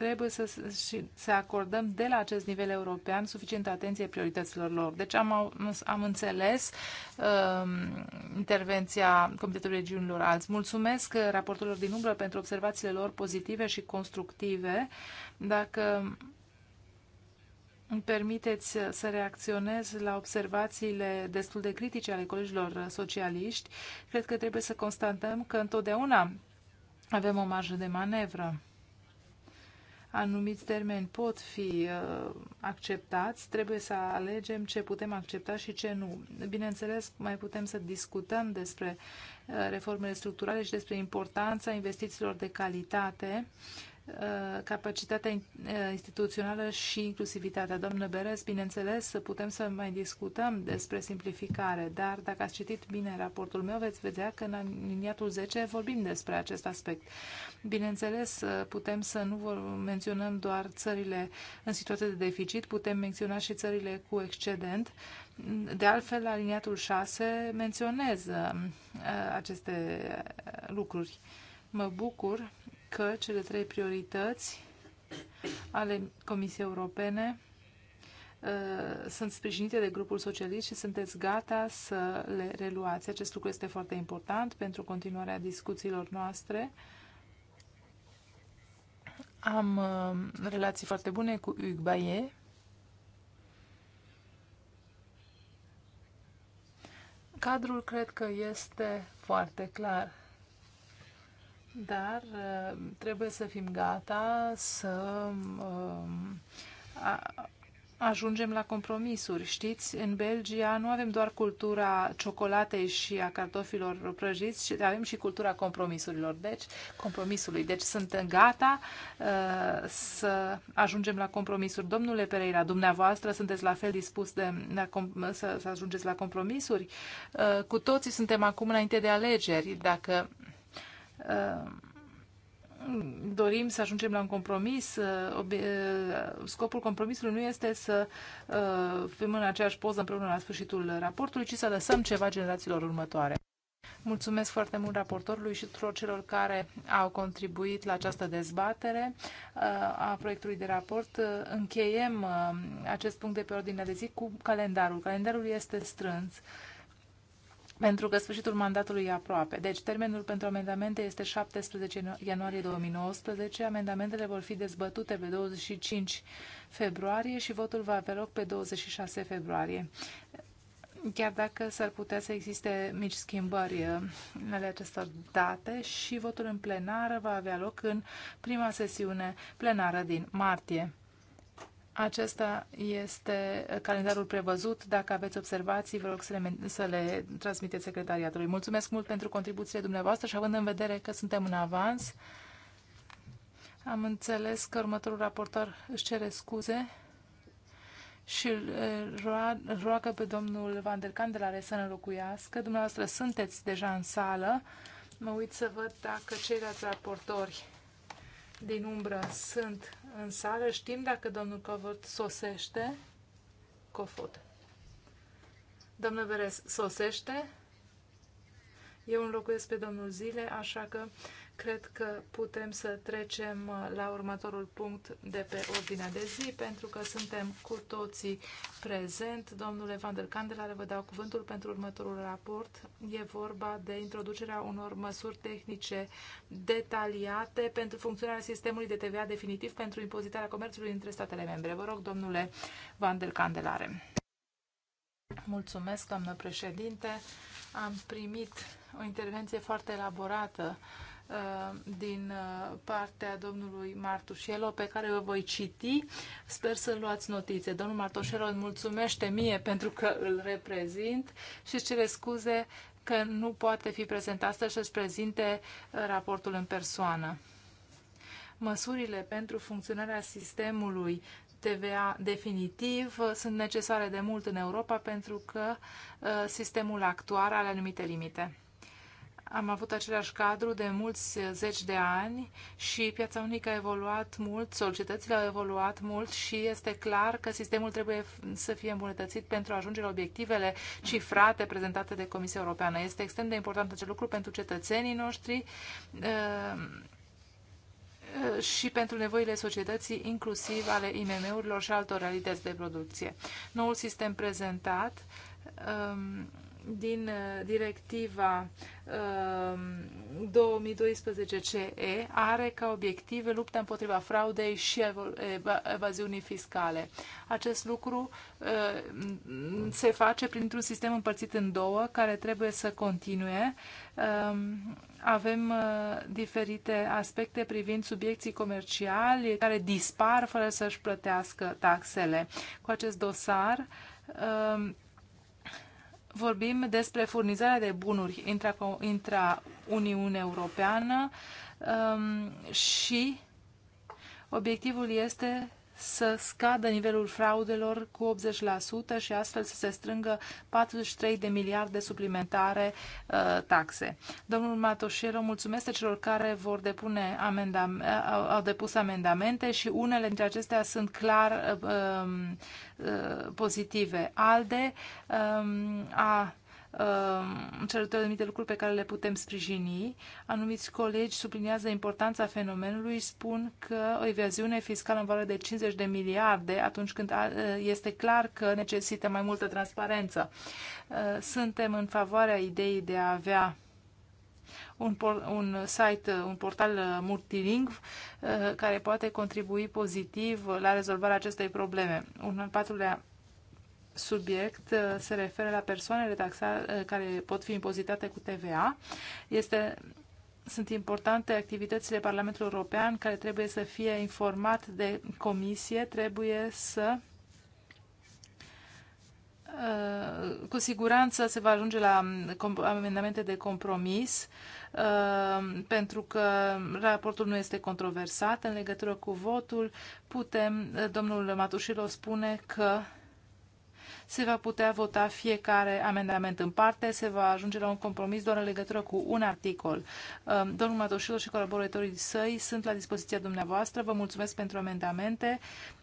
trebuie să, să acordăm de la acest nivel european suficientă atenție priorităților lor. Deci am, am înțeles um, intervenția Comitetului Regiunilor Alți. Mulțumesc uh, raportorilor din umbră pentru observațiile lor pozitive și constructive. Dacă îmi permiteți să reacționez la observațiile destul de critice ale colegilor socialiști. Cred că trebuie să constatăm că întotdeauna avem o marjă de manevră anumiți termeni pot fi uh, acceptați, trebuie să alegem ce putem accepta și ce nu. Bineînțeles, mai putem să discutăm despre uh, reformele structurale și despre importanța investițiilor de calitate Uh, capacitatea uh, instituțională și inclusivitatea. Domnule Berez, bineînțeles, putem să mai discutăm despre simplificare, dar dacă ați citit bine raportul meu, veți vedea că în aliniatul 10 vorbim despre acest aspect. Bineînțeles, uh, putem să nu menționăm doar țările în situație de deficit, putem menționa și țările cu excedent. De altfel, la aliniatul 6 menționez aceste lucruri. Mă bucur că cele trei priorități ale Comisiei Europene uh, sunt sprijinite de grupul socialist și sunteți gata să le reluați. Acest lucru este foarte important pentru continuarea discuțiilor noastre. Am uh, relații foarte bune cu Hugues Bayet. Cadrul cred că este foarte clar. Dar uh, trebuie să fim gata să um, ajungem la compromisuri. Știți, în Belgia nu avem doar cultura ciocolatei și a cartofilor prăjiți, ci avem și cultura compromisurilor. Deci, compromisului. Deci sunt gata uh, să ajungem la compromisuri. Domnule Pereira, dumneavoastră sunteți la fel dispus de, la, să, să ajungeți la compromisuri? Uh, cu toții suntem acum înainte de alegeri. Dacă Ehm, dorim să ajungem la un compromis. Eh, eh, scopul compromisului nu este să eh, fim în aceeași poză împreună la sfârșitul raportului, ci să lăsăm ceva generațiilor următoare. Mulțumesc foarte mult raportorului și tuturor celor care au contribuit la această dezbatere a proiectului de raport. Încheiem acest punct de pe ordinea de zi cu calendarul. Calendarul este strâns pentru că sfârșitul mandatului e aproape. Deci, termenul pentru amendamente este 17 ianuarie 2019. Amendamentele vor fi dezbătute pe 25 februarie și votul va avea loc pe 26 februarie. Chiar dacă s-ar putea să existe mici schimbări uh, în ale acestor date și votul în plenară va avea loc în prima sesiune plenară din martie. Acesta este calendarul prevăzut. Dacă aveți observații, vă rog să le, să le transmiteți secretariatului. Mulțumesc mult pentru contribuțiile dumneavoastră și având în vedere că suntem în avans, am înțeles că următorul raportor își cere scuze și roagă pe domnul Van der Candelare să ne locuiască. Dumneavoastră sunteți deja în sală. Mă uit să văd dacă ceilalți raportori din umbră sunt în sală. Știm dacă domnul Covot sosește. Cofot. Domnul Veres sosește. Eu înlocuiesc pe domnul Zile, așa că cred că putem să trecem uh, la următorul punct de pe ordinea de zi, pentru că suntem cu toții prezent. Domnule Van der Candelare, vă dau cuvântul pentru următorul raport. E vorba de introducerea unor măsuri tehnice detaliate pentru funcționarea sistemului de TVA definitiv pentru impozitarea comerțului între statele membre. Vă rog, domnule Van der Candelare. Mulțumesc, doamnă președinte. Am primit o intervenție foarte elaborată Uh, din uh, partea domnului Martușelo, pe care o voi citi. Sper să luați notițe. Domnul Martușelo îmi mulțumește mie pentru că îl reprezint și își cere scuze că nu poate fi prezent astăzi și își prezinte uh, raportul în persoană. Măsurile pentru funcționarea sistemului TVA definitiv sunt necesare de mult în Europa pentru că sistemul actual are anumite limite. Am avut același cadru de mulți zeci de ani și piața unică a evoluat mult, societățile au evoluat mult și este clar că sistemul trebuie să fie îmbunătățit pentru a ajunge la obiectivele cifrate prezentate de Comisia Europeană. Este extrem de important acest lucru pentru cetățenii noștri ehm, ehm, și pentru nevoile societății, inclusiv ale IMM-urilor și altor realități de producție. Noul sistem prezentat ehm, din uh, directiva 2012-CE um, are ca obiective lupta împotriva fraudei și evaziunii fiscale. Acest lucru uh, se face printr-un sistem împărțit în două care trebuie să continue. Um, avem uh, diferite aspecte privind subiecții comerciali care dispar fără să-și plătească taxele. Cu acest dosar um, vorbim despre furnizarea de bunuri intra, intra Europeană um, și obiectivul este să scadă nivelul fraudelor cu 80% și astfel să se strângă 43 de miliarde suplimentare uh, taxe. Domnul Matoșero, mulțumesc celor care vor depune amendam, au, uh, au depus amendamente și unele dintre acestea sunt clar uh, um, uh, pozitive. ALDE um, a Um, cele anumite lucruri pe care le putem sprijini. Anumiți colegi subliniază importanța fenomenului, spun că o evaziune fiscală în valoare de 50 de miliarde, atunci când uh, este clar că necesită mai multă transparență. Uh, suntem în favoarea ideii de a avea un, por- un site, un portal uh, multilingv care poate contribui pozitiv la rezolvarea acestei probleme. Un al patrulea subiect uh, se referă la persoanele taxate uh, care pot fi impozitate cu TVA. Este, sunt importante activitățile Parlamentului European care trebuie să fie informat de comisie, trebuie să uh, cu siguranță se va ajunge la mm, amendamente de compromis pentru că raportul nu este controversat în legătură cu votul. Putem, domnul Matușilo spune că se va putea vota fiecare amendament în parte, se va ajunge la un compromis doar în legătură cu un articol. Um, domnul Matoșilo și colaboratorii săi sunt la dispoziția dumneavoastră. Vă mulțumesc pentru amendamente.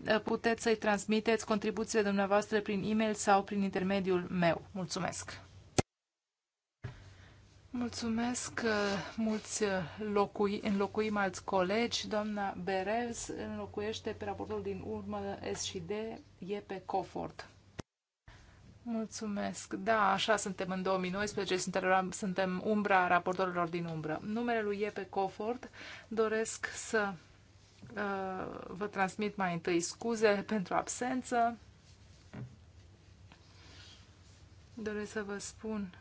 Uh, puteți să-i transmiteți contribuțiile dumneavoastră prin e-mail sau prin intermediul meu. Mulțumesc! Mulțumesc, uh, mulți uh, locui, înlocuim alți colegi. Doamna Berez înlocuiește pe raportul din urmă S și D, e pe Cofort. Mulțumesc. Da, așa suntem în 2019, suntem, suntem umbra raportorilor din umbră. Numele lui Iepe Cofort doresc să uh, vă transmit mai întâi scuze pentru absență. Doresc să vă spun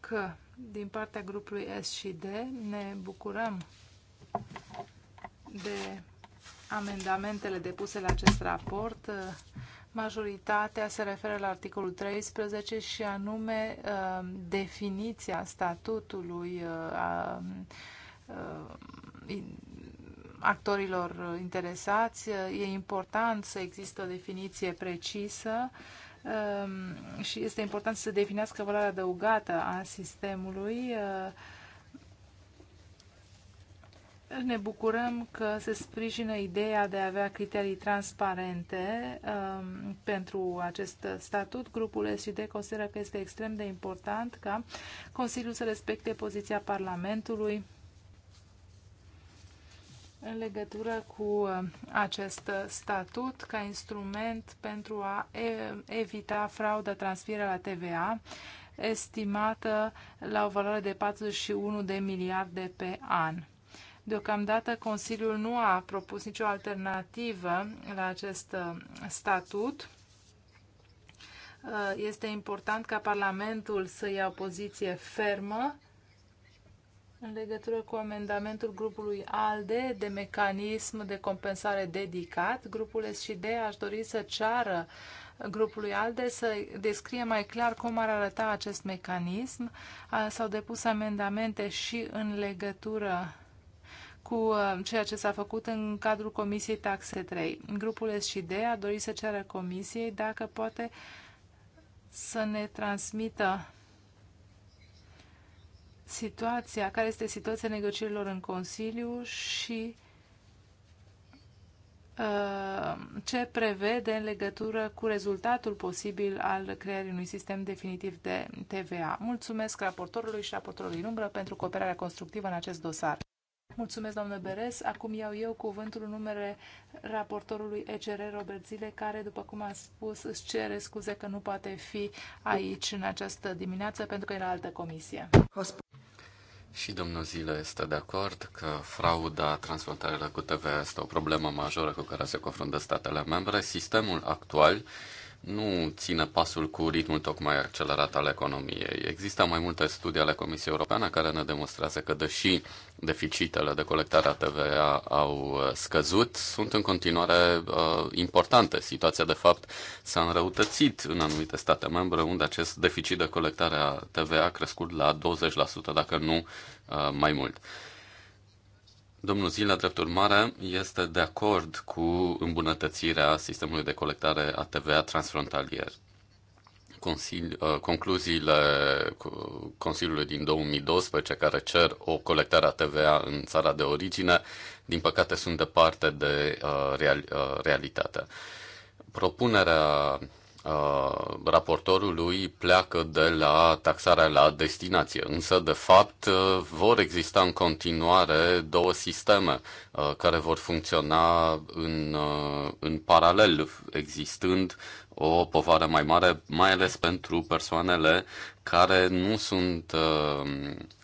că din partea grupului S și D ne bucurăm de amendamentele depuse la acest raport. Uh, Majoritatea se referă la articolul 13 și anume uh, definiția statutului uh, a uh, actorilor interesați. E important să există o definiție precisă um, și este important să se definească valoarea adăugată a sistemului ne bucurăm că se sprijină ideea de a avea criterii transparente um, pentru acest statut. Grupul SID consideră că este extrem de important ca Consiliul să respecte poziția Parlamentului în legătură cu um, acest statut ca instrument pentru a evita frauda transferă la TVA estimată la o valoare de 41 de miliarde pe an. Deocamdată Consiliul nu a propus nicio alternativă la acest uh, statut. Uh, este important ca Parlamentul să ia o poziție fermă în legătură cu amendamentul grupului ALDE de mecanism de compensare dedicat, grupul SCD aș dori să ceară grupului ALDE să descrie mai clar cum ar arăta acest mecanism. S-au depus amendamente și în legătură cu uh, ceea ce s-a făcut în cadrul Comisiei Taxe 3. Grupul SCD a dorit să ceară Comisiei dacă poate să ne transmită situația, care este situația negocierilor în Consiliu și uh, ce prevede în legătură cu rezultatul posibil al creării unui sistem definitiv de TVA. Mulțumesc raportorului și raportorului în umbră pentru cooperarea constructivă în acest dosar. Mulțumesc, doamnă Beres. Acum iau eu cuvântul în numele raportorului ECR Robert Zile, care, după cum a spus, îți cere scuze că nu poate fi aici în această dimineață pentru că e la altă comisie. Și domnul Zile este de acord că frauda transfrontalieră cu TVA este o problemă majoră cu care se confruntă statele membre. Sistemul actual nu ține pasul cu ritmul tocmai accelerat al economiei. Există mai multe studii ale Comisiei Europene care ne demonstrează că, deși deficitele de colectare a TVA au uh, scăzut, sunt în continuare uh, importante. Situația, de fapt, s-a înrăutățit în anumite state membre, unde acest deficit de colectare a TVA a crescut la 20%, dacă nu uh, mai mult. Uh, Domnul Zila, drept urmare, este de acord cu îmbunătățirea sistemului de colectare a TVA transfrontalier. Uh, concluziile Consiliului din 2012 care cer o colectare a TVA în țara de origine, din păcate sunt departe de uh, real, uh, realitate. Propunerea Uh, raportorului pleacă de la taxarea la destinație, însă de fapt uh, vor exista în continuare două sisteme uh, care vor funcționa în, în paralel, existând o povară mai mare, mai ales pentru persoanele care nu sunt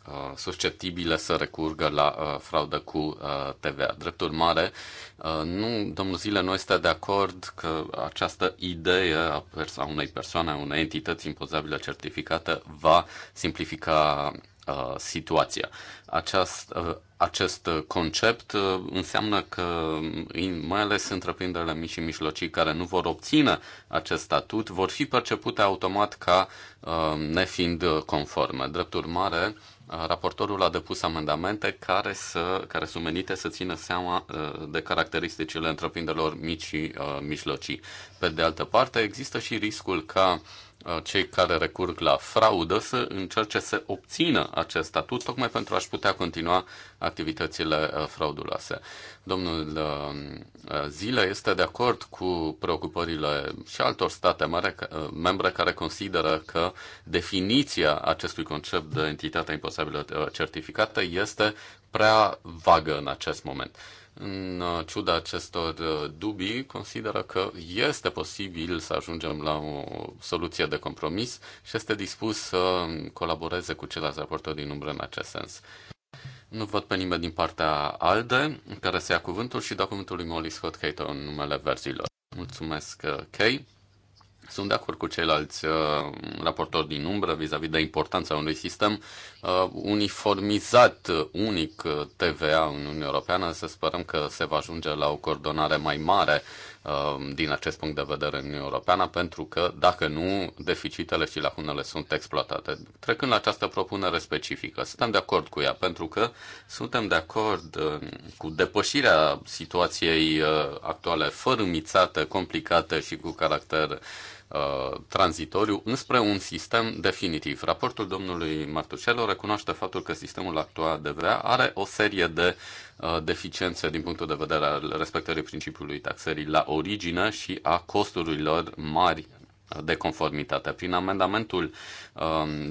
Uh, susceptibile să recurgă la uh, fraudă cu uh, TVA. Drept urmare, uh, nu, domnul Zile nu este de acord că această idee a, pers- a unei persoane, a unei entități impozabile certificată va simplifica Uh, situația Aceast, uh, acest concept uh, înseamnă că mm, mai ales întreprinderile mici și mijlocii care nu vor obține acest statut vor fi percepute automat ca uh, nefiind conforme. Drept urmare, uh, Raportorul a depus amendamente care, să, care sunt menite să țină seama uh, de caracteristicile întreprinderilor mici și mijlocii. Pe de altă parte, există și riscul ca uh, Uh, cei care recurg la fraudă să încerce să obțină acest statut, tocmai pentru a-și putea continua activitățile uh, frauduloase. Domnul uh, Zile este de acord cu preocupările și altor state mare, membre care consideră că definiția acestui concept de entitate imposibilă certificată este prea vagă în acest moment. În uh, ciuda acestor uh, dubii, consideră că este posibil să ajungem la o soluție de compromis și este dispus să colaboreze cu ceilalți raportori din umbră în acest sens. Nu văd pe nimeni din partea ALDE care să ia cuvântul și documentul lui Molly Scott Cato în numele verzilor. Mulțumesc, uh, Kay. Sunt de acord cu ceilalți uh, raportori din umbră vis-a-vis -vis de importanța unui sistem uh, uniformizat, uh, unic uh, TVA în Uniunea Europeană. Să sperăm că se va ajunge la o coordonare mai mare uh, din acest punct de vedere în Uniunea Europeană, pentru că, dacă nu, deficitele și lacunele sunt exploatate. Trecând la această propunere specifică, suntem de acord cu ea, pentru că suntem de acord uh, cu depășirea situației uh, actuale fărâmițate, complicată și cu caracter uh, Uh, tranzitoriu înspre un sistem definitiv. Raportul domnului Martucelo recunoaște faptul că sistemul actual de VA are o serie de uh, deficiențe din punctul de vedere al respectării principiului taxării la origine și a costurilor mari de conformitate. Prin amendamentul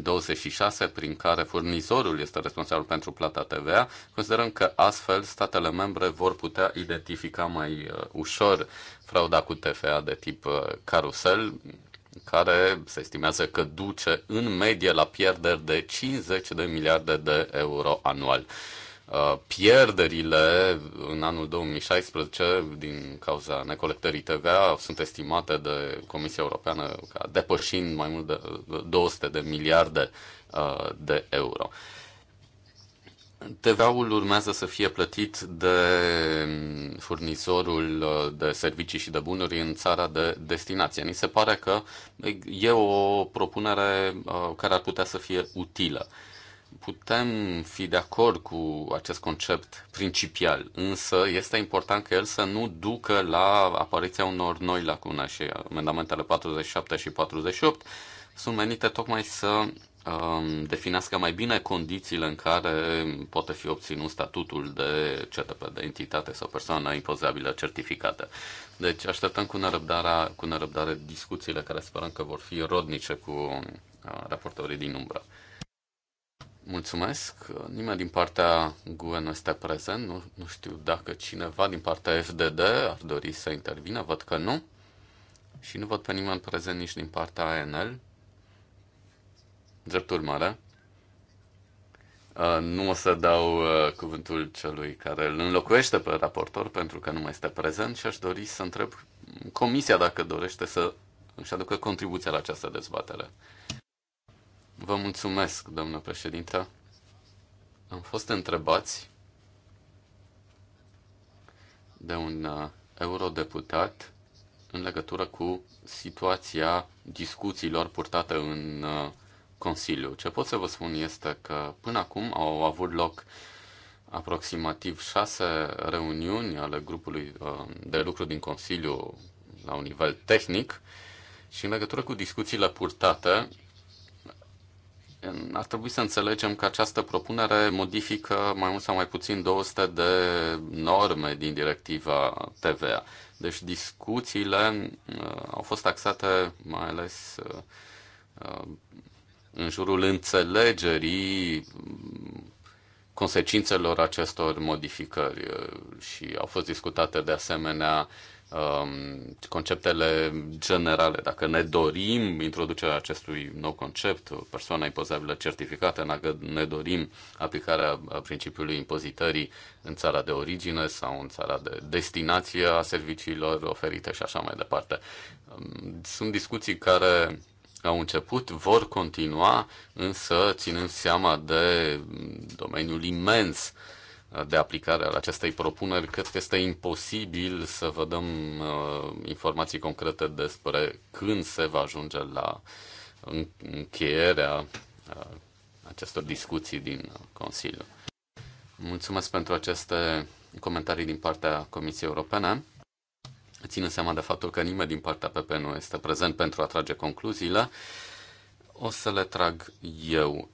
26, um, prin care furnizorul este responsabil pentru plata TVA, considerăm că astfel statele membre vor putea identifica mai uh, ușor frauda cu TVA de tip uh, carusel, care se estimează că duce în medie la pierderi de 50 de miliarde de euro anual. Uh, pierderile în anul 2016 din cauza necolectării TVA sunt estimate de Comisia Europeană ca depășind mai mult de 200 de miliarde uh, de euro. TVA-ul urmează să fie plătit de um, furnizorul uh, de servicii și de bunuri în țara de destinație. Ni se pare că e o propunere care ar putea să fie utilă putem fi de acord cu acest concept principial, însă este important că el să nu ducă la apariția unor noi lacune și amendamentele 47 și 48 sunt menite tocmai să um, definească mai bine condițiile în care poate fi obținut statutul de CTP, de entitate sau persoană impozabilă certificată. Deci așteptăm cu nerăbdare, cu nerăbdare discuțiile care sperăm că vor fi rodnice cu uh, raportorii din umbră. Mulțumesc. Nimeni din partea GUE nu este prezent. Nu, nu știu dacă cineva din partea FDD ar dori să intervină. Văd că nu. Și nu văd pe nimeni prezent nici din partea ANL. Drept urmare, uh, nu o să dau uh, cuvântul celui care îl înlocuiește pe raportor pentru că nu mai este prezent și aș dori să întreb comisia dacă dorește să își aducă contribuția la această dezbatere. Vă mulțumesc, doamnă președintă. Am fost întrebați de un uh, eurodeputat în legătură cu situația discuțiilor purtate în uh, Consiliu. Ce pot să vă spun este că până acum au avut loc aproximativ șase reuniuni ale grupului uh, de lucru din Consiliu la un nivel tehnic și în legătură cu discuțiile purtate, ar trebui să înțelegem că această propunere modifică mai mult sau mai puțin 200 de norme din directiva TVA. Deci discuțiile uh, au fost axate mai ales uh, uh, în jurul înțelegerii mm, consecințelor acestor modificări și au fost discutate de asemenea Um, conceptele generale. Dacă ne dorim introducerea acestui nou concept, persoana impozabilă certificată, dacă ne dorim aplicarea principiului impozitării în țara de origine sau în țara de destinație a serviciilor oferite și așa mai departe. Um, sunt discuții care au început, vor continua, însă ținând seama de domeniul imens de aplicare al acestei propuneri, cred că este imposibil să vă dăm uh, informații concrete despre când se va ajunge la încheierea uh, acestor discuții din Consiliu. Mulțumesc pentru aceste comentarii din partea Comisiei Europene. Ținând seama de faptul că nimeni din partea PP nu este prezent pentru a trage concluziile, o să le trag eu.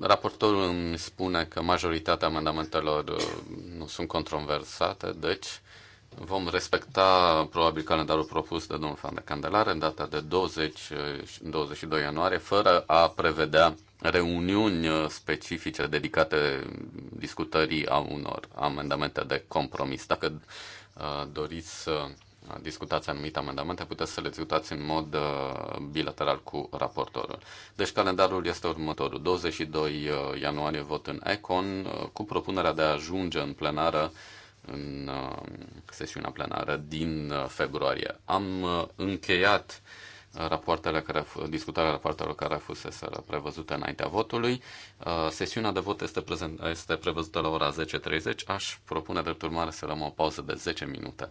Raportorul îmi spune că majoritatea amendamentelor uh, nu sunt controversate, deci vom respecta probabil calendarul propus de domnul Fan de Candelare în data de 20 22 uh, ianuarie, fără a prevedea reuniuni uh, specifice dedicate discutării a unor amendamente de compromis. Dacă doriți să discutați anumite amendamente, puteți să le discutați în mod uh, bilateral cu raportorul. Deci calendarul este următorul. 22 uh, ianuarie vot în ECON uh, cu propunerea de a ajunge în plenară în sesiunea plenară din februarie. Am încheiat rapoartele care, discutarea rapoartelor care fost prevăzute înaintea votului. Sesiunea de vot este, prezent, este prevăzută la ora 10.30. Aș propune drept urmare să luăm o pauză de 10 minute.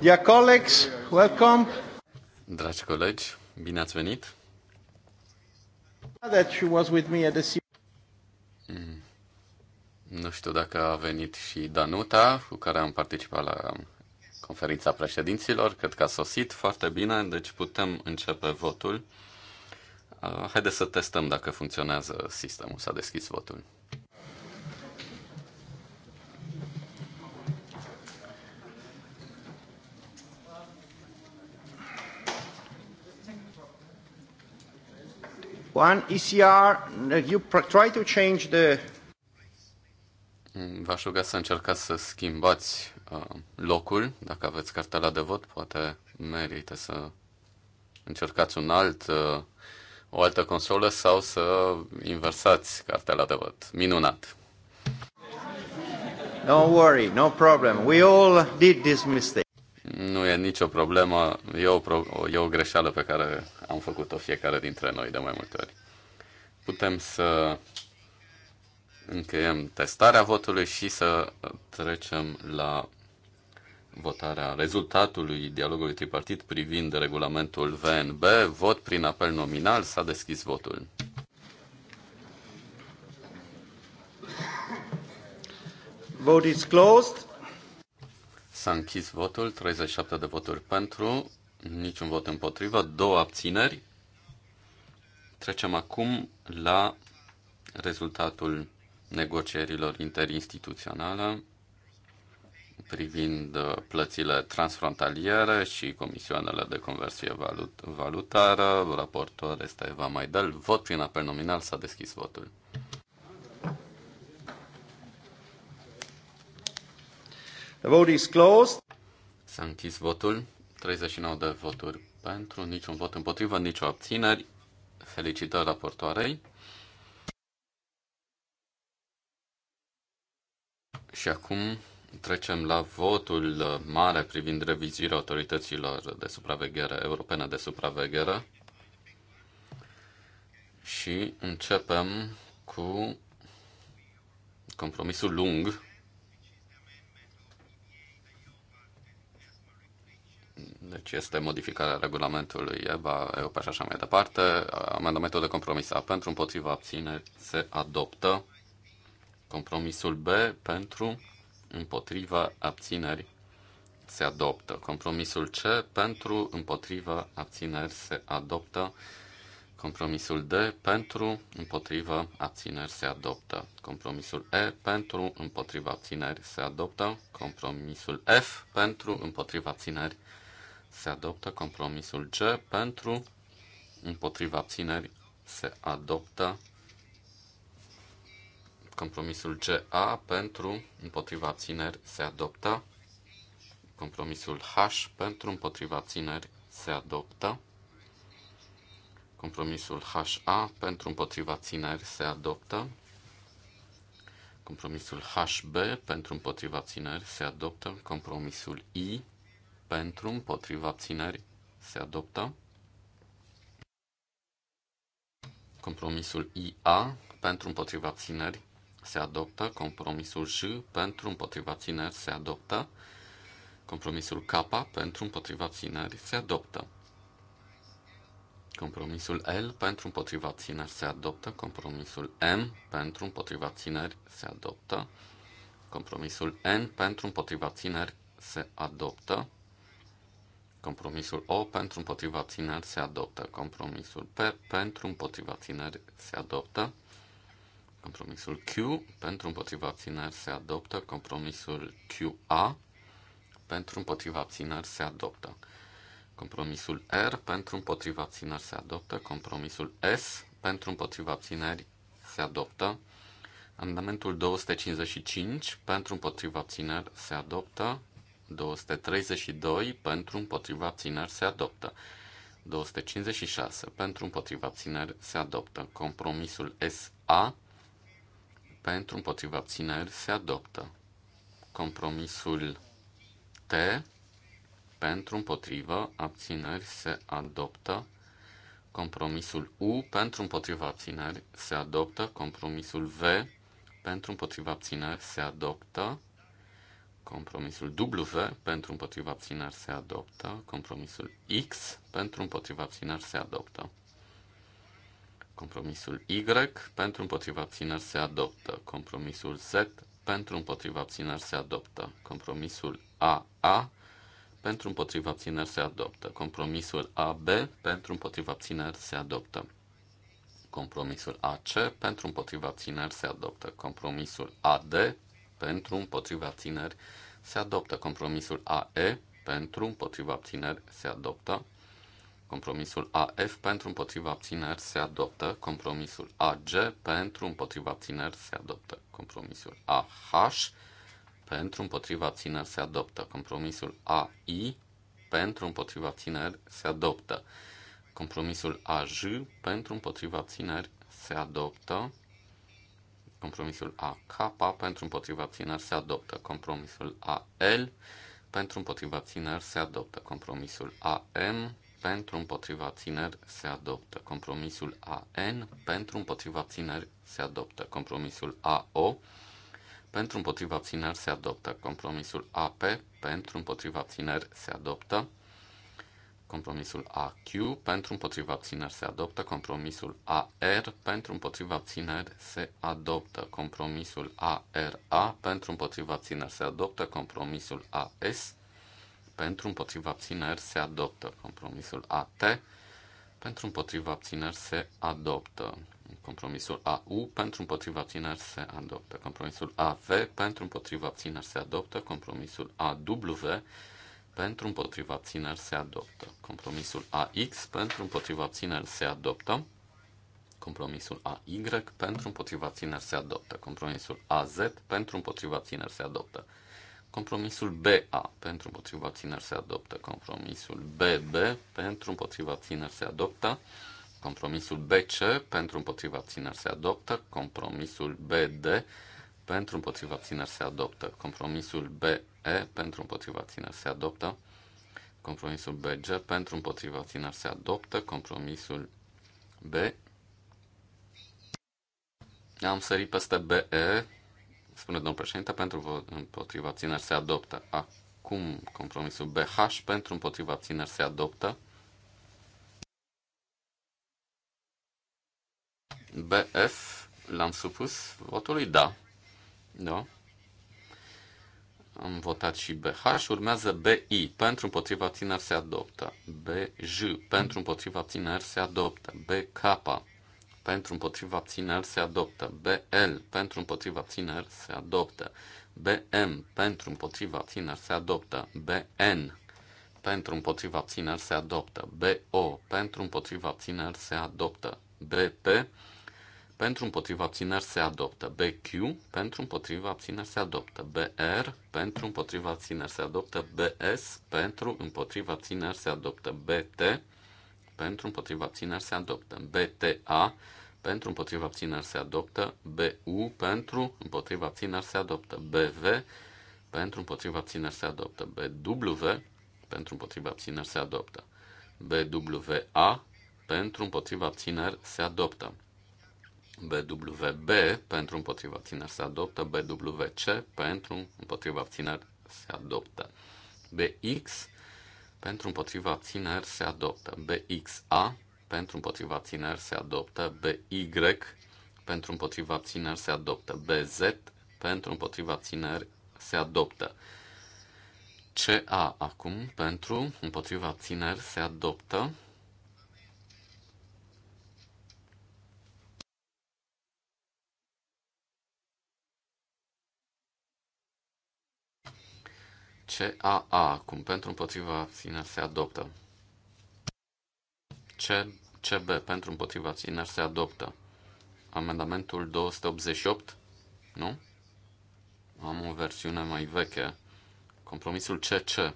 Dear colleagues, welcome. Dragi colegi, bine ați venit. That she was with me at the mm. Nu știu dacă a venit și Danuta, cu care am participat la conferința președinților. Cred că a sosit foarte bine, deci putem începe votul. Ah, haideți să testăm dacă funcționează sistemul. S-a deschis votul. One ECR, you try to change the... Mm, V-aș ruga să încercați să schimbați uh, locul, dacă aveți cartela de vot, poate merită să încercați un alt, uh, o altă consolă sau să inversați cartela de vot. Minunat! Don't worry, no problem. We all did this mistake. Nu e nicio problemă, e o, pro- e o greșeală pe care am făcut-o fiecare dintre noi de mai multe ori. Putem să încheiem testarea votului și să trecem la votarea rezultatului dialogului tripartit privind regulamentul VNB. Vot prin apel nominal, s-a deschis votul. Vote is closed. S-a închis votul, 37 de voturi pentru, niciun vot împotrivă, două abțineri. Trecem acum la rezultatul negocierilor interinstituționale privind uh, plățile transfrontaliere și comisioanele de conversie valut- valutară. Raportor este Eva Maidel. Vot prin apel nominal s-a deschis votul. vote is closed. S-a închis votul. 39 de voturi pentru, niciun vot împotrivă, nicio abțineri. Felicitări raportoarei. Și acum trecem la votul mare privind revizuirea autorităților de supraveghere, europene de supraveghere. Și începem cu compromisul lung Deci este modificarea regulamentului EBA, EUPA și așa mai departe. Amendamentul de compromis A pentru, împotriva, abține se adoptă. Compromisul B pentru, împotriva, abțineri, se adoptă. Compromisul C pentru, împotriva, abțineri, se adoptă. Compromisul D pentru, împotriva, abțineri se adoptă. Compromisul E pentru, împotriva, abțineri se adoptă. Compromisul F pentru, împotriva, abțineri se adoptă. Compromisul G pentru, împotriva abțineri, se adoptă. Compromisul GA pentru, împotriva abțineri, se adoptă. Compromisul H pentru, împotriva abțineri, se adoptă. Compromisul HA pentru împotriva abțineri se adoptă. Compromisul HB pentru împotriva abțineri se adoptă. Compromisul I pentru, împotriva abținerii. se adoptă. Compromisul IA pentru împotriva abținerii. se adoptă. Compromisul J pentru împotriva abținerii. se adoptă. Compromisul K pentru împotriva abținerii. se adoptă. Compromisul L pentru împotriva abținerii. se adoptă. Compromisul M pentru împotriva abținerii. se adoptă. Compromisul N pentru împotriva țineri se adoptă. Compromisul O pentru împotriva țineri se adoptă. Compromisul P pentru împotriva țineri se adoptă. Compromisul Q pentru împotriva țineri se adoptă. Compromisul QA pentru împotriva țineri se adoptă. Compromisul R pentru împotriva țineri se adoptă. Compromisul S pentru împotriva țineri se adoptă. Amendamentul 255 pentru împotriva țineri se adoptă. 232 pentru împotriva abțineri se adoptă. 256 pentru împotriva abțineri se adoptă. Compromisul SA pentru împotriva abțineri se adoptă. Compromisul T pentru împotriva abțineri se adoptă. Compromisul U pentru împotriva abțineri se adoptă. Compromisul V pentru împotriva abțineri se adoptă. Compromisul W pentru împotriva abțineri se adoptă. Compromisul X pentru împotriva abțineri se adoptă. Compromisul Y pentru împotriva abțineri se adoptă. Compromisul Z pentru împotriva abțineri se adoptă. Compromisul AA pentru împotriva abțineri se adoptă. Compromisul AB pentru împotriva abțineri se adoptă. Compromisul AC pentru împotriva abțineri se adoptă. Compromisul AD pentru, împotriva abțineri se adoptă. Compromisul AE pentru, împotriva abțineri se adoptă. Compromisul AF pentru împotriva abțineri se adoptă. Compromisul AG pentru împotriva abțineri se adoptă. Compromisul AH pentru împotriva abțineri se adoptă. Compromisul AI pentru împotriva abțineri se adoptă. Compromisul AJ pentru împotriva abțineri se adoptă. Compromisul AK pentru împotriva abțineri se adoptă. Compromisul AL pentru împotriva abțineri se adoptă. Compromisul AM pentru împotriva abțineri se adoptă. Compromisul AN pentru împotriva abțineri se adoptă. Compromisul AO pentru împotriva abțineri se adoptă. Compromisul AP pentru împotriva abțineri se adoptă. Compromisul AQ pentru împotriva abțineri se adoptă. Compromisul AR pentru împotriva abțineri se adoptă. Compromisul ARA pentru împotriva abțineri se adoptă. Compromisul AS pentru împotriva abțineri se adoptă. Compromisul AT pentru împotriva abțineri se adoptă. Compromisul AU pentru împotriva abțineri se adoptă. Compromisul AV pentru împotriva abțineri se adoptă. Compromisul AW pentru împotriva abțineri se adoptă. Compromisul AX pentru împotriva abțineri se adoptă. Compromisul AY pentru împotriva abțineri se adoptă. Compromisul AZ pentru împotriva abțineri se adoptă. Compromisul BA pentru împotriva abțineri se adoptă. Compromisul BB pentru împotriva abțineri se adoptă. Compromisul BC pentru împotriva abțineri se adoptă. Compromisul BD pentru împotriva țineri se adoptă. Compromisul BE pentru împotriva țineri se adoptă. Compromisul BG pentru împotriva țineri se adoptă. Compromisul B. Am sărit peste BE, spune domnul președinte, pentru împotriva țineri se adoptă. Acum compromisul BH pentru împotriva țineri se adoptă. BF l-am supus votului da. Da. Am votat și BH. Urmează BI. Pentru împotriva tineri se adoptă. BJ. Pentru împotriva tineri se adoptă. BK. Pentru împotriva tineri se adoptă. BL. Pentru împotriva tineri se adoptă. BM. Pentru împotriva tineri se adoptă. BN pentru împotriva abțineri se adoptă. BO pentru împotriva abțineri se adoptă. BP pentru împotriva abțineri se adoptă. BQ pentru împotriva abțineri se adoptă. BR pentru împotriva abțineri se adoptă. BS pentru împotriva abțineri se adoptă. BT pentru împotriva abțineri se adoptă. BTA pentru împotriva abțineri se adoptă. BU pentru împotriva abțineri se adoptă. BV pentru împotriva abțineri se adoptă. BW pentru împotriva abțineri se adoptă. BWA pentru împotriva abțineri se adoptă. BWB pentru împotriva abțineri se adoptă, BWC pentru împotriva abțineri se adoptă, BX pentru împotriva abțineri se adoptă, BXA pentru împotriva abțineri se adoptă, BY pentru împotriva abțineri se adoptă, BZ pentru împotriva abțineri se adoptă. CA acum pentru împotriva abțineri se adoptă, CAA cum pentru împotriva abțineri se adoptă. C, CB pentru împotriva abțineri se adoptă. Amendamentul 288, nu? Am o versiune mai veche. Compromisul CC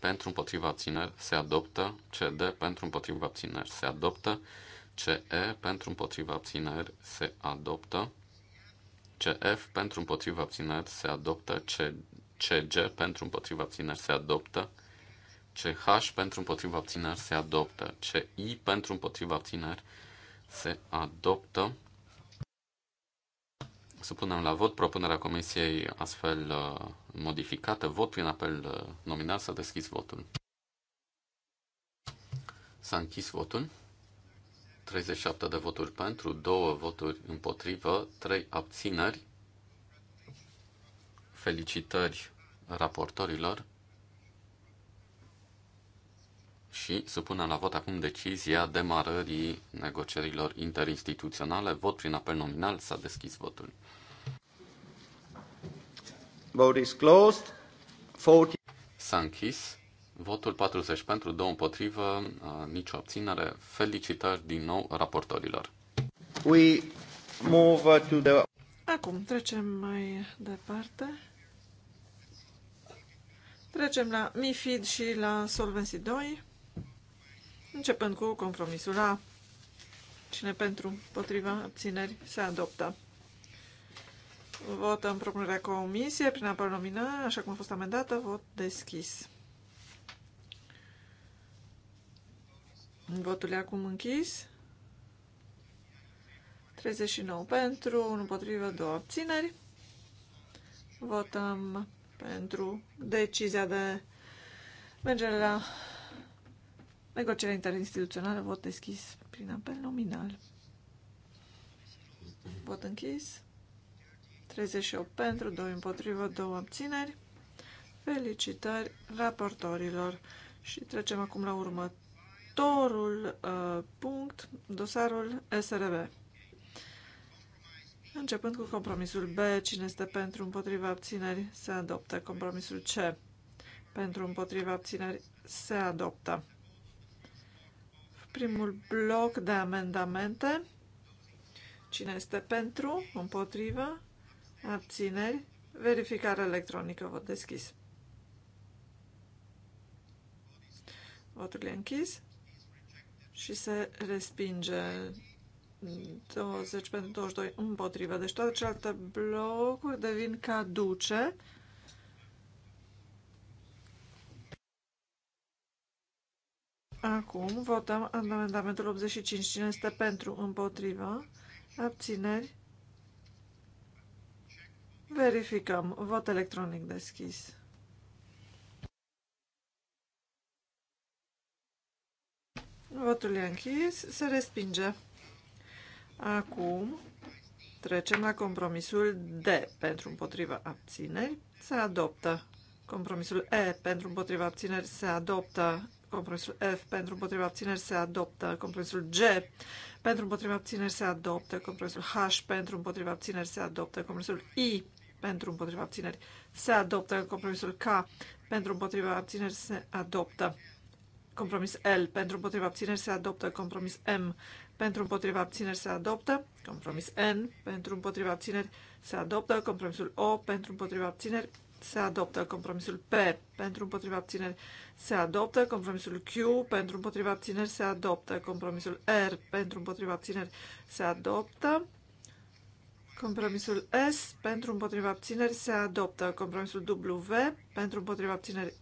pentru împotriva abțineri se adoptă, CD pentru împotriva abțineri se adoptă, CE pentru împotriva abțineri se adoptă, CF pentru împotriva abțineri se adoptă, CG pentru împotriva abțineri se adoptă. CH pentru împotriva abțineri se adoptă. CI pentru împotriva abțineri se adoptă. Supunem la vot propunerea comisiei astfel uh, modificată. Vot prin apel uh, nominal s-a deschis votul. S-a închis votul. 37 de voturi pentru, 2 voturi împotrivă, 3 abțineri. Felicitări raportorilor și supunem la vot acum decizia demarării negocierilor interinstituționale. Vot prin apel nominal. S-a deschis votul. Vote is closed. 40... S-a închis. Votul 40 pentru, 2 împotrivă, uh, nicio abținere. Felicitări din nou raportorilor. We move to the... Acum trecem mai departe. Trecem la MIFID și la Solvency 2, începând cu compromisul A. Cine pentru, potriva, abțineri, se adoptă. Votăm propunerea Comisie, prin apă nominală, așa cum a fost amendată, vot deschis. Votul e acum închis. 39 pentru, 1 împotrivă, 2 abțineri. Votăm pentru decizia de mergere la negocierea interinstituțională, vot deschis prin apel nominal. Vot închis. 38 pentru, 2 împotrivă, 2 abțineri. Felicitări raportorilor. Și trecem acum la următorul uh, punct, dosarul SRB. Începând cu compromisul B, cine este pentru împotriva abțineri se adoptă. Compromisul C, pentru împotriva abțineri se adoptă. Primul bloc de amendamente. Cine este pentru, împotriva, abțineri, verificare electronică, vot deschis. Votul e închis și se respinge 20 pentru 22 împotrivă. Deci toate celelalte blocuri devin caduce. Acum votăm amendamentul 85. Cine este pentru? Împotrivă. Abțineri. Verificăm. Vot electronic deschis. Votul e închis. Se respinge. Acum trecem la compromisul D pentru împotriva abțineri. Se adoptă compromisul E pentru împotriva abțineri. Se adoptă compromisul F pentru împotriva abțineri. Se adoptă compromisul G pentru împotriva abțineri. Se adoptă compromisul H pentru împotriva abțineri. Se adoptă compromisul I pentru împotriva abțineri. Se adoptă compromisul K pentru împotriva abțineri. Se adoptă compromis L pentru împotriva abțineri. Se adoptă compromis M pentru împotriva abțineri se adoptă, compromis N pentru împotriva abțineri se adoptă, compromisul O pentru împotriva abțineri se adoptă, compromisul P pentru împotriva abțineri se adoptă, compromisul Q pentru împotriva abțineri se adoptă, compromisul R pentru împotriva abțineri se adoptă, compromisul S pentru împotriva abțineri se adoptă, compromisul W pentru împotriva abțineri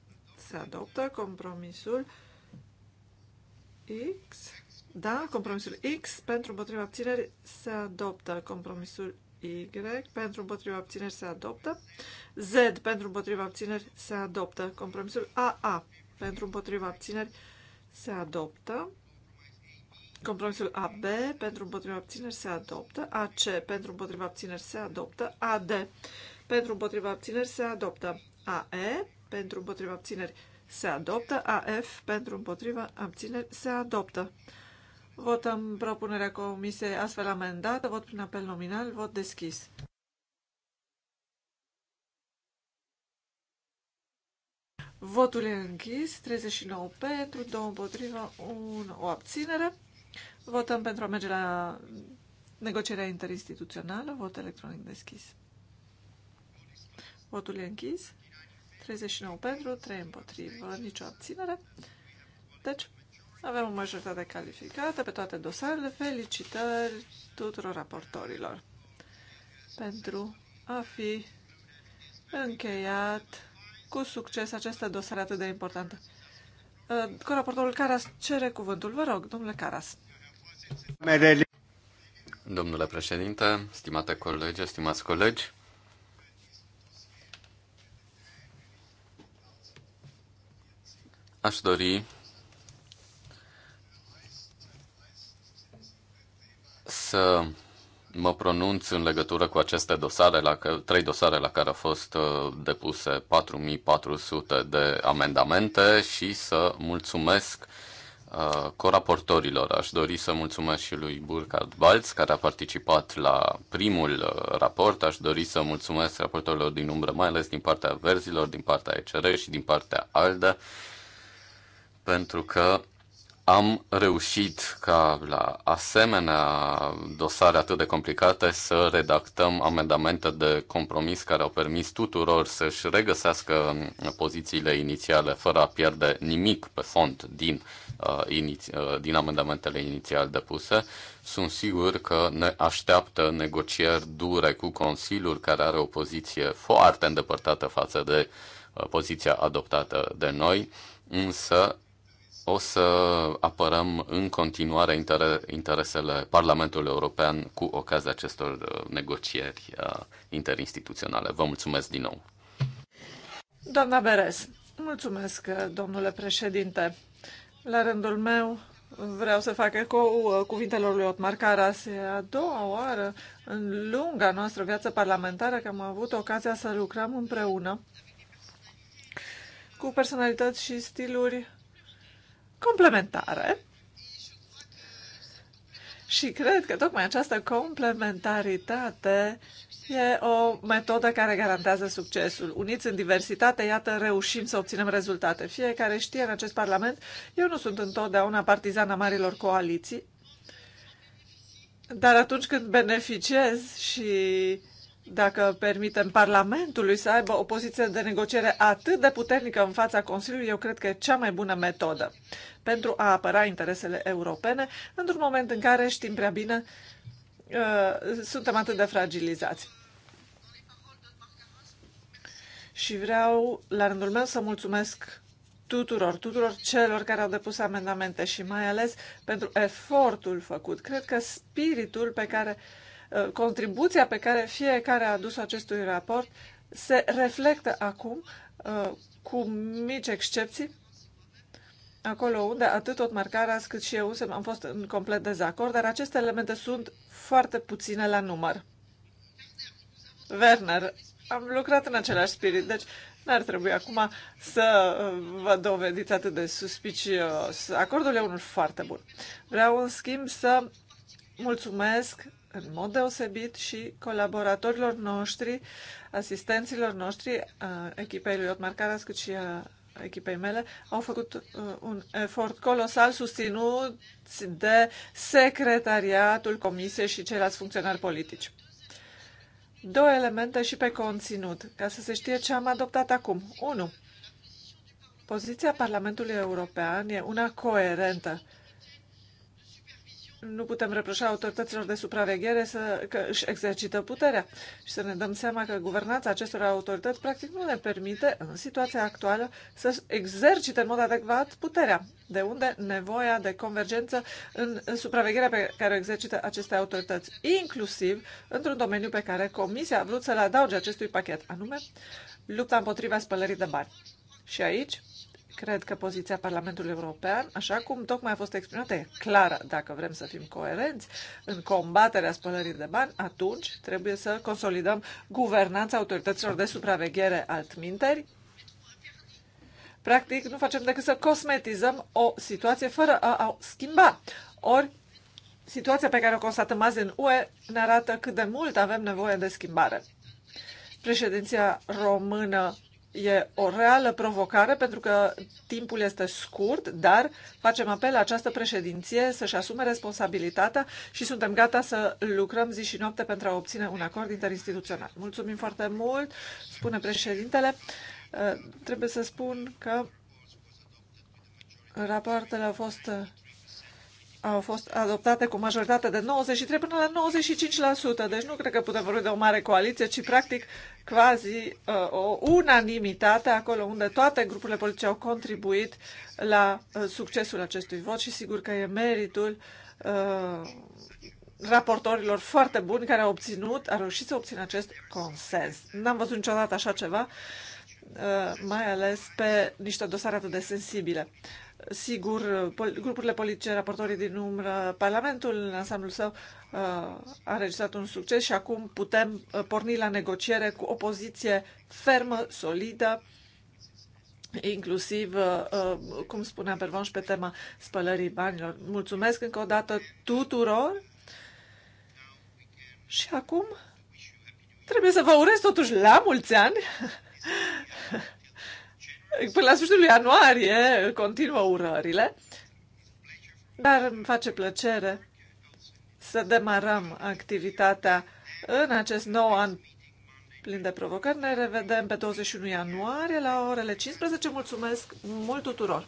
se adoptă, compromisul X da, compromisul X pentru împotriva abțineri se adoptă. Compromisul Y pentru împotriva abțineri se adoptă. Z pentru împotriva abțineri se adoptă. Compromisul AA pentru împotriva abțineri se adoptă. Compromisul AB pentru împotriva abțineri se adoptă. AC pentru împotriva abțineri se adoptă. AD pentru împotriva abțineri se adoptă. AE pentru împotriva abțineri se adoptă. AF pentru împotriva abțineri se adoptă. Votăm propunerea comisiei astfel amendată, vot prin apel nominal, vot deschis. Votul e închis, 39 pentru, 2 împotriva, 1 o abținere. Votăm pentru a merge la negocierea interinstituțională, vot electronic deschis. Votul e închis, 39 pentru, 3 împotrivă, nicio abținere. Deci, avem o majoritate calificată pe toate dosarele. Felicitări tuturor raportorilor pentru a fi încheiat cu succes aceste dosare atât de importante. Uh, raportorul Caras cere cuvântul. Vă rog, domnule Caras. Domnule președinte, stimate colegi, stimați colegi, aș dori să mă pronunț în legătură cu aceste dosare, la că, trei dosare la care au fost uh, depuse 4400 de amendamente și să mulțumesc uh, coraportorilor. Aș dori să mulțumesc și lui Burkhard Balz, care a participat la primul uh, raport. Aș dori să mulțumesc raportorilor din umbră, mai ales din partea verzilor, din partea ECR și din partea ALDE, pentru că am reușit ca la asemenea dosare atât de complicate să redactăm amendamente de compromis care au permis tuturor să-și regăsească uh, pozițiile inițiale fără a pierde nimic pe fond din, uh, iniți, uh, din amendamentele inițial depuse. Sunt sigur că ne așteaptă negocieri dure cu Consiliul care are o poziție foarte îndepărtată față de uh, poziția adoptată de noi, însă o să apărăm în continuare interesele Parlamentului European cu ocazia acestor uh, negocieri uh, interinstituționale. Vă mulțumesc din nou. Doamna Beres, mulțumesc, uh, domnule președinte. La rândul meu, Vreau să fac ecou cuvintelor lui Otmar Caras. E a doua oară în lunga noastră viață parlamentară că am avut ocazia să lucrăm împreună cu personalități și stiluri complementare și cred că tocmai această complementaritate e o metodă care garantează succesul. Uniți în diversitate, iată, reușim să obținem rezultate. Fiecare știe în acest Parlament, eu nu sunt întotdeauna partizana marilor coaliții, dar atunci când beneficiez și dacă permitem Parlamentului să aibă o poziție de negociere atât de puternică în fața Consiliului, eu cred că e cea mai bună metodă pentru a apăra interesele europene într-un moment în care știm prea bine uh, suntem atât de fragilizați. Și vreau, la rândul meu, să mulțumesc tuturor, tuturor celor care au depus amendamente și mai ales pentru efortul făcut. Cred că spiritul pe care uh, Uh, contribuția pe care fiecare a adus acestui raport se reflectă acum, uh, cu mici excepții, acolo unde atât tot Caras cât și eu am fost în complet dezacord, dar aceste elemente sunt foarte puține la număr. Werner, am lucrat în același spirit, deci n-ar trebui acum să uh, vă dovediți atât de suspicios. Acordul e unul foarte bun. Vreau, în schimb, să mulțumesc în mod deosebit și colaboratorilor noștri, asistenților noștri, a uh, echipei lui Otmar Caras, cât și a echipei mele, au făcut uh, un efort colosal susținut de secretariatul comisiei și ceilalți funcționari politici. Două elemente și pe conținut, ca să se știe ce am adoptat acum. 1. Poziția Parlamentului European e una coerentă nu putem reproșa autorităților de supraveghere să, că își exercită puterea și să ne dăm seama că guvernanța acestor autorități practic nu ne permite, în situația actuală, să exercite în mod adecvat puterea. De unde nevoia de convergență în, în supravegherea pe care o exercită aceste autorități, inclusiv într-un domeniu pe care Comisia a vrut să-l adauge acestui pachet, anume lupta împotriva spălării de bani. Și aici Cred că poziția Parlamentului European, așa cum tocmai a fost exprimată, e clară. Dacă vrem să fim coerenți în combaterea spălării de bani, atunci trebuie să consolidăm guvernanța autorităților de supraveghere altminteri. Practic, nu facem decât să cosmetizăm o situație fără a o schimba. Ori, situația pe care o constatăm azi în UE ne arată cât de mult avem nevoie de schimbare. Președinția română E o reală provocare pentru că timpul este scurt, dar facem apel la această președinție să-și asume responsabilitatea și suntem gata să lucrăm zi și noapte pentru a obține un acord interinstituțional. Mulțumim foarte mult, spune președintele. Uh, trebuie să spun că rapoartele au fost au fost adoptate cu majoritate de 93 până la 95%. Deci nu cred că putem vorbi de o mare coaliție, ci practic quasi uh, o unanimitate acolo unde toate grupurile politice au contribuit la uh, succesul acestui vot și sigur că e meritul uh, raportorilor foarte buni care au obținut, a reușit să obțină acest consens. N-am văzut niciodată așa ceva, uh, mai ales pe niște dosare atât de sensibile. Sigur, pol- grupurile politice, raportorii din umbră, Parlamentul în ansamblul său uh, a înregistrat un succes și acum putem uh, porni la negociere cu o poziție fermă, solidă, inclusiv, uh, cum spunea Pervanș, pe tema spălării banilor. Mulțumesc încă o dată tuturor și acum trebuie să vă urez totuși la mulți ani Până la sfârșitul ianuarie continuă urările, dar îmi face plăcere să demarăm activitatea în acest nou an plin de provocări. Ne revedem pe 21 ianuarie la orele 15. Mulțumesc mult tuturor!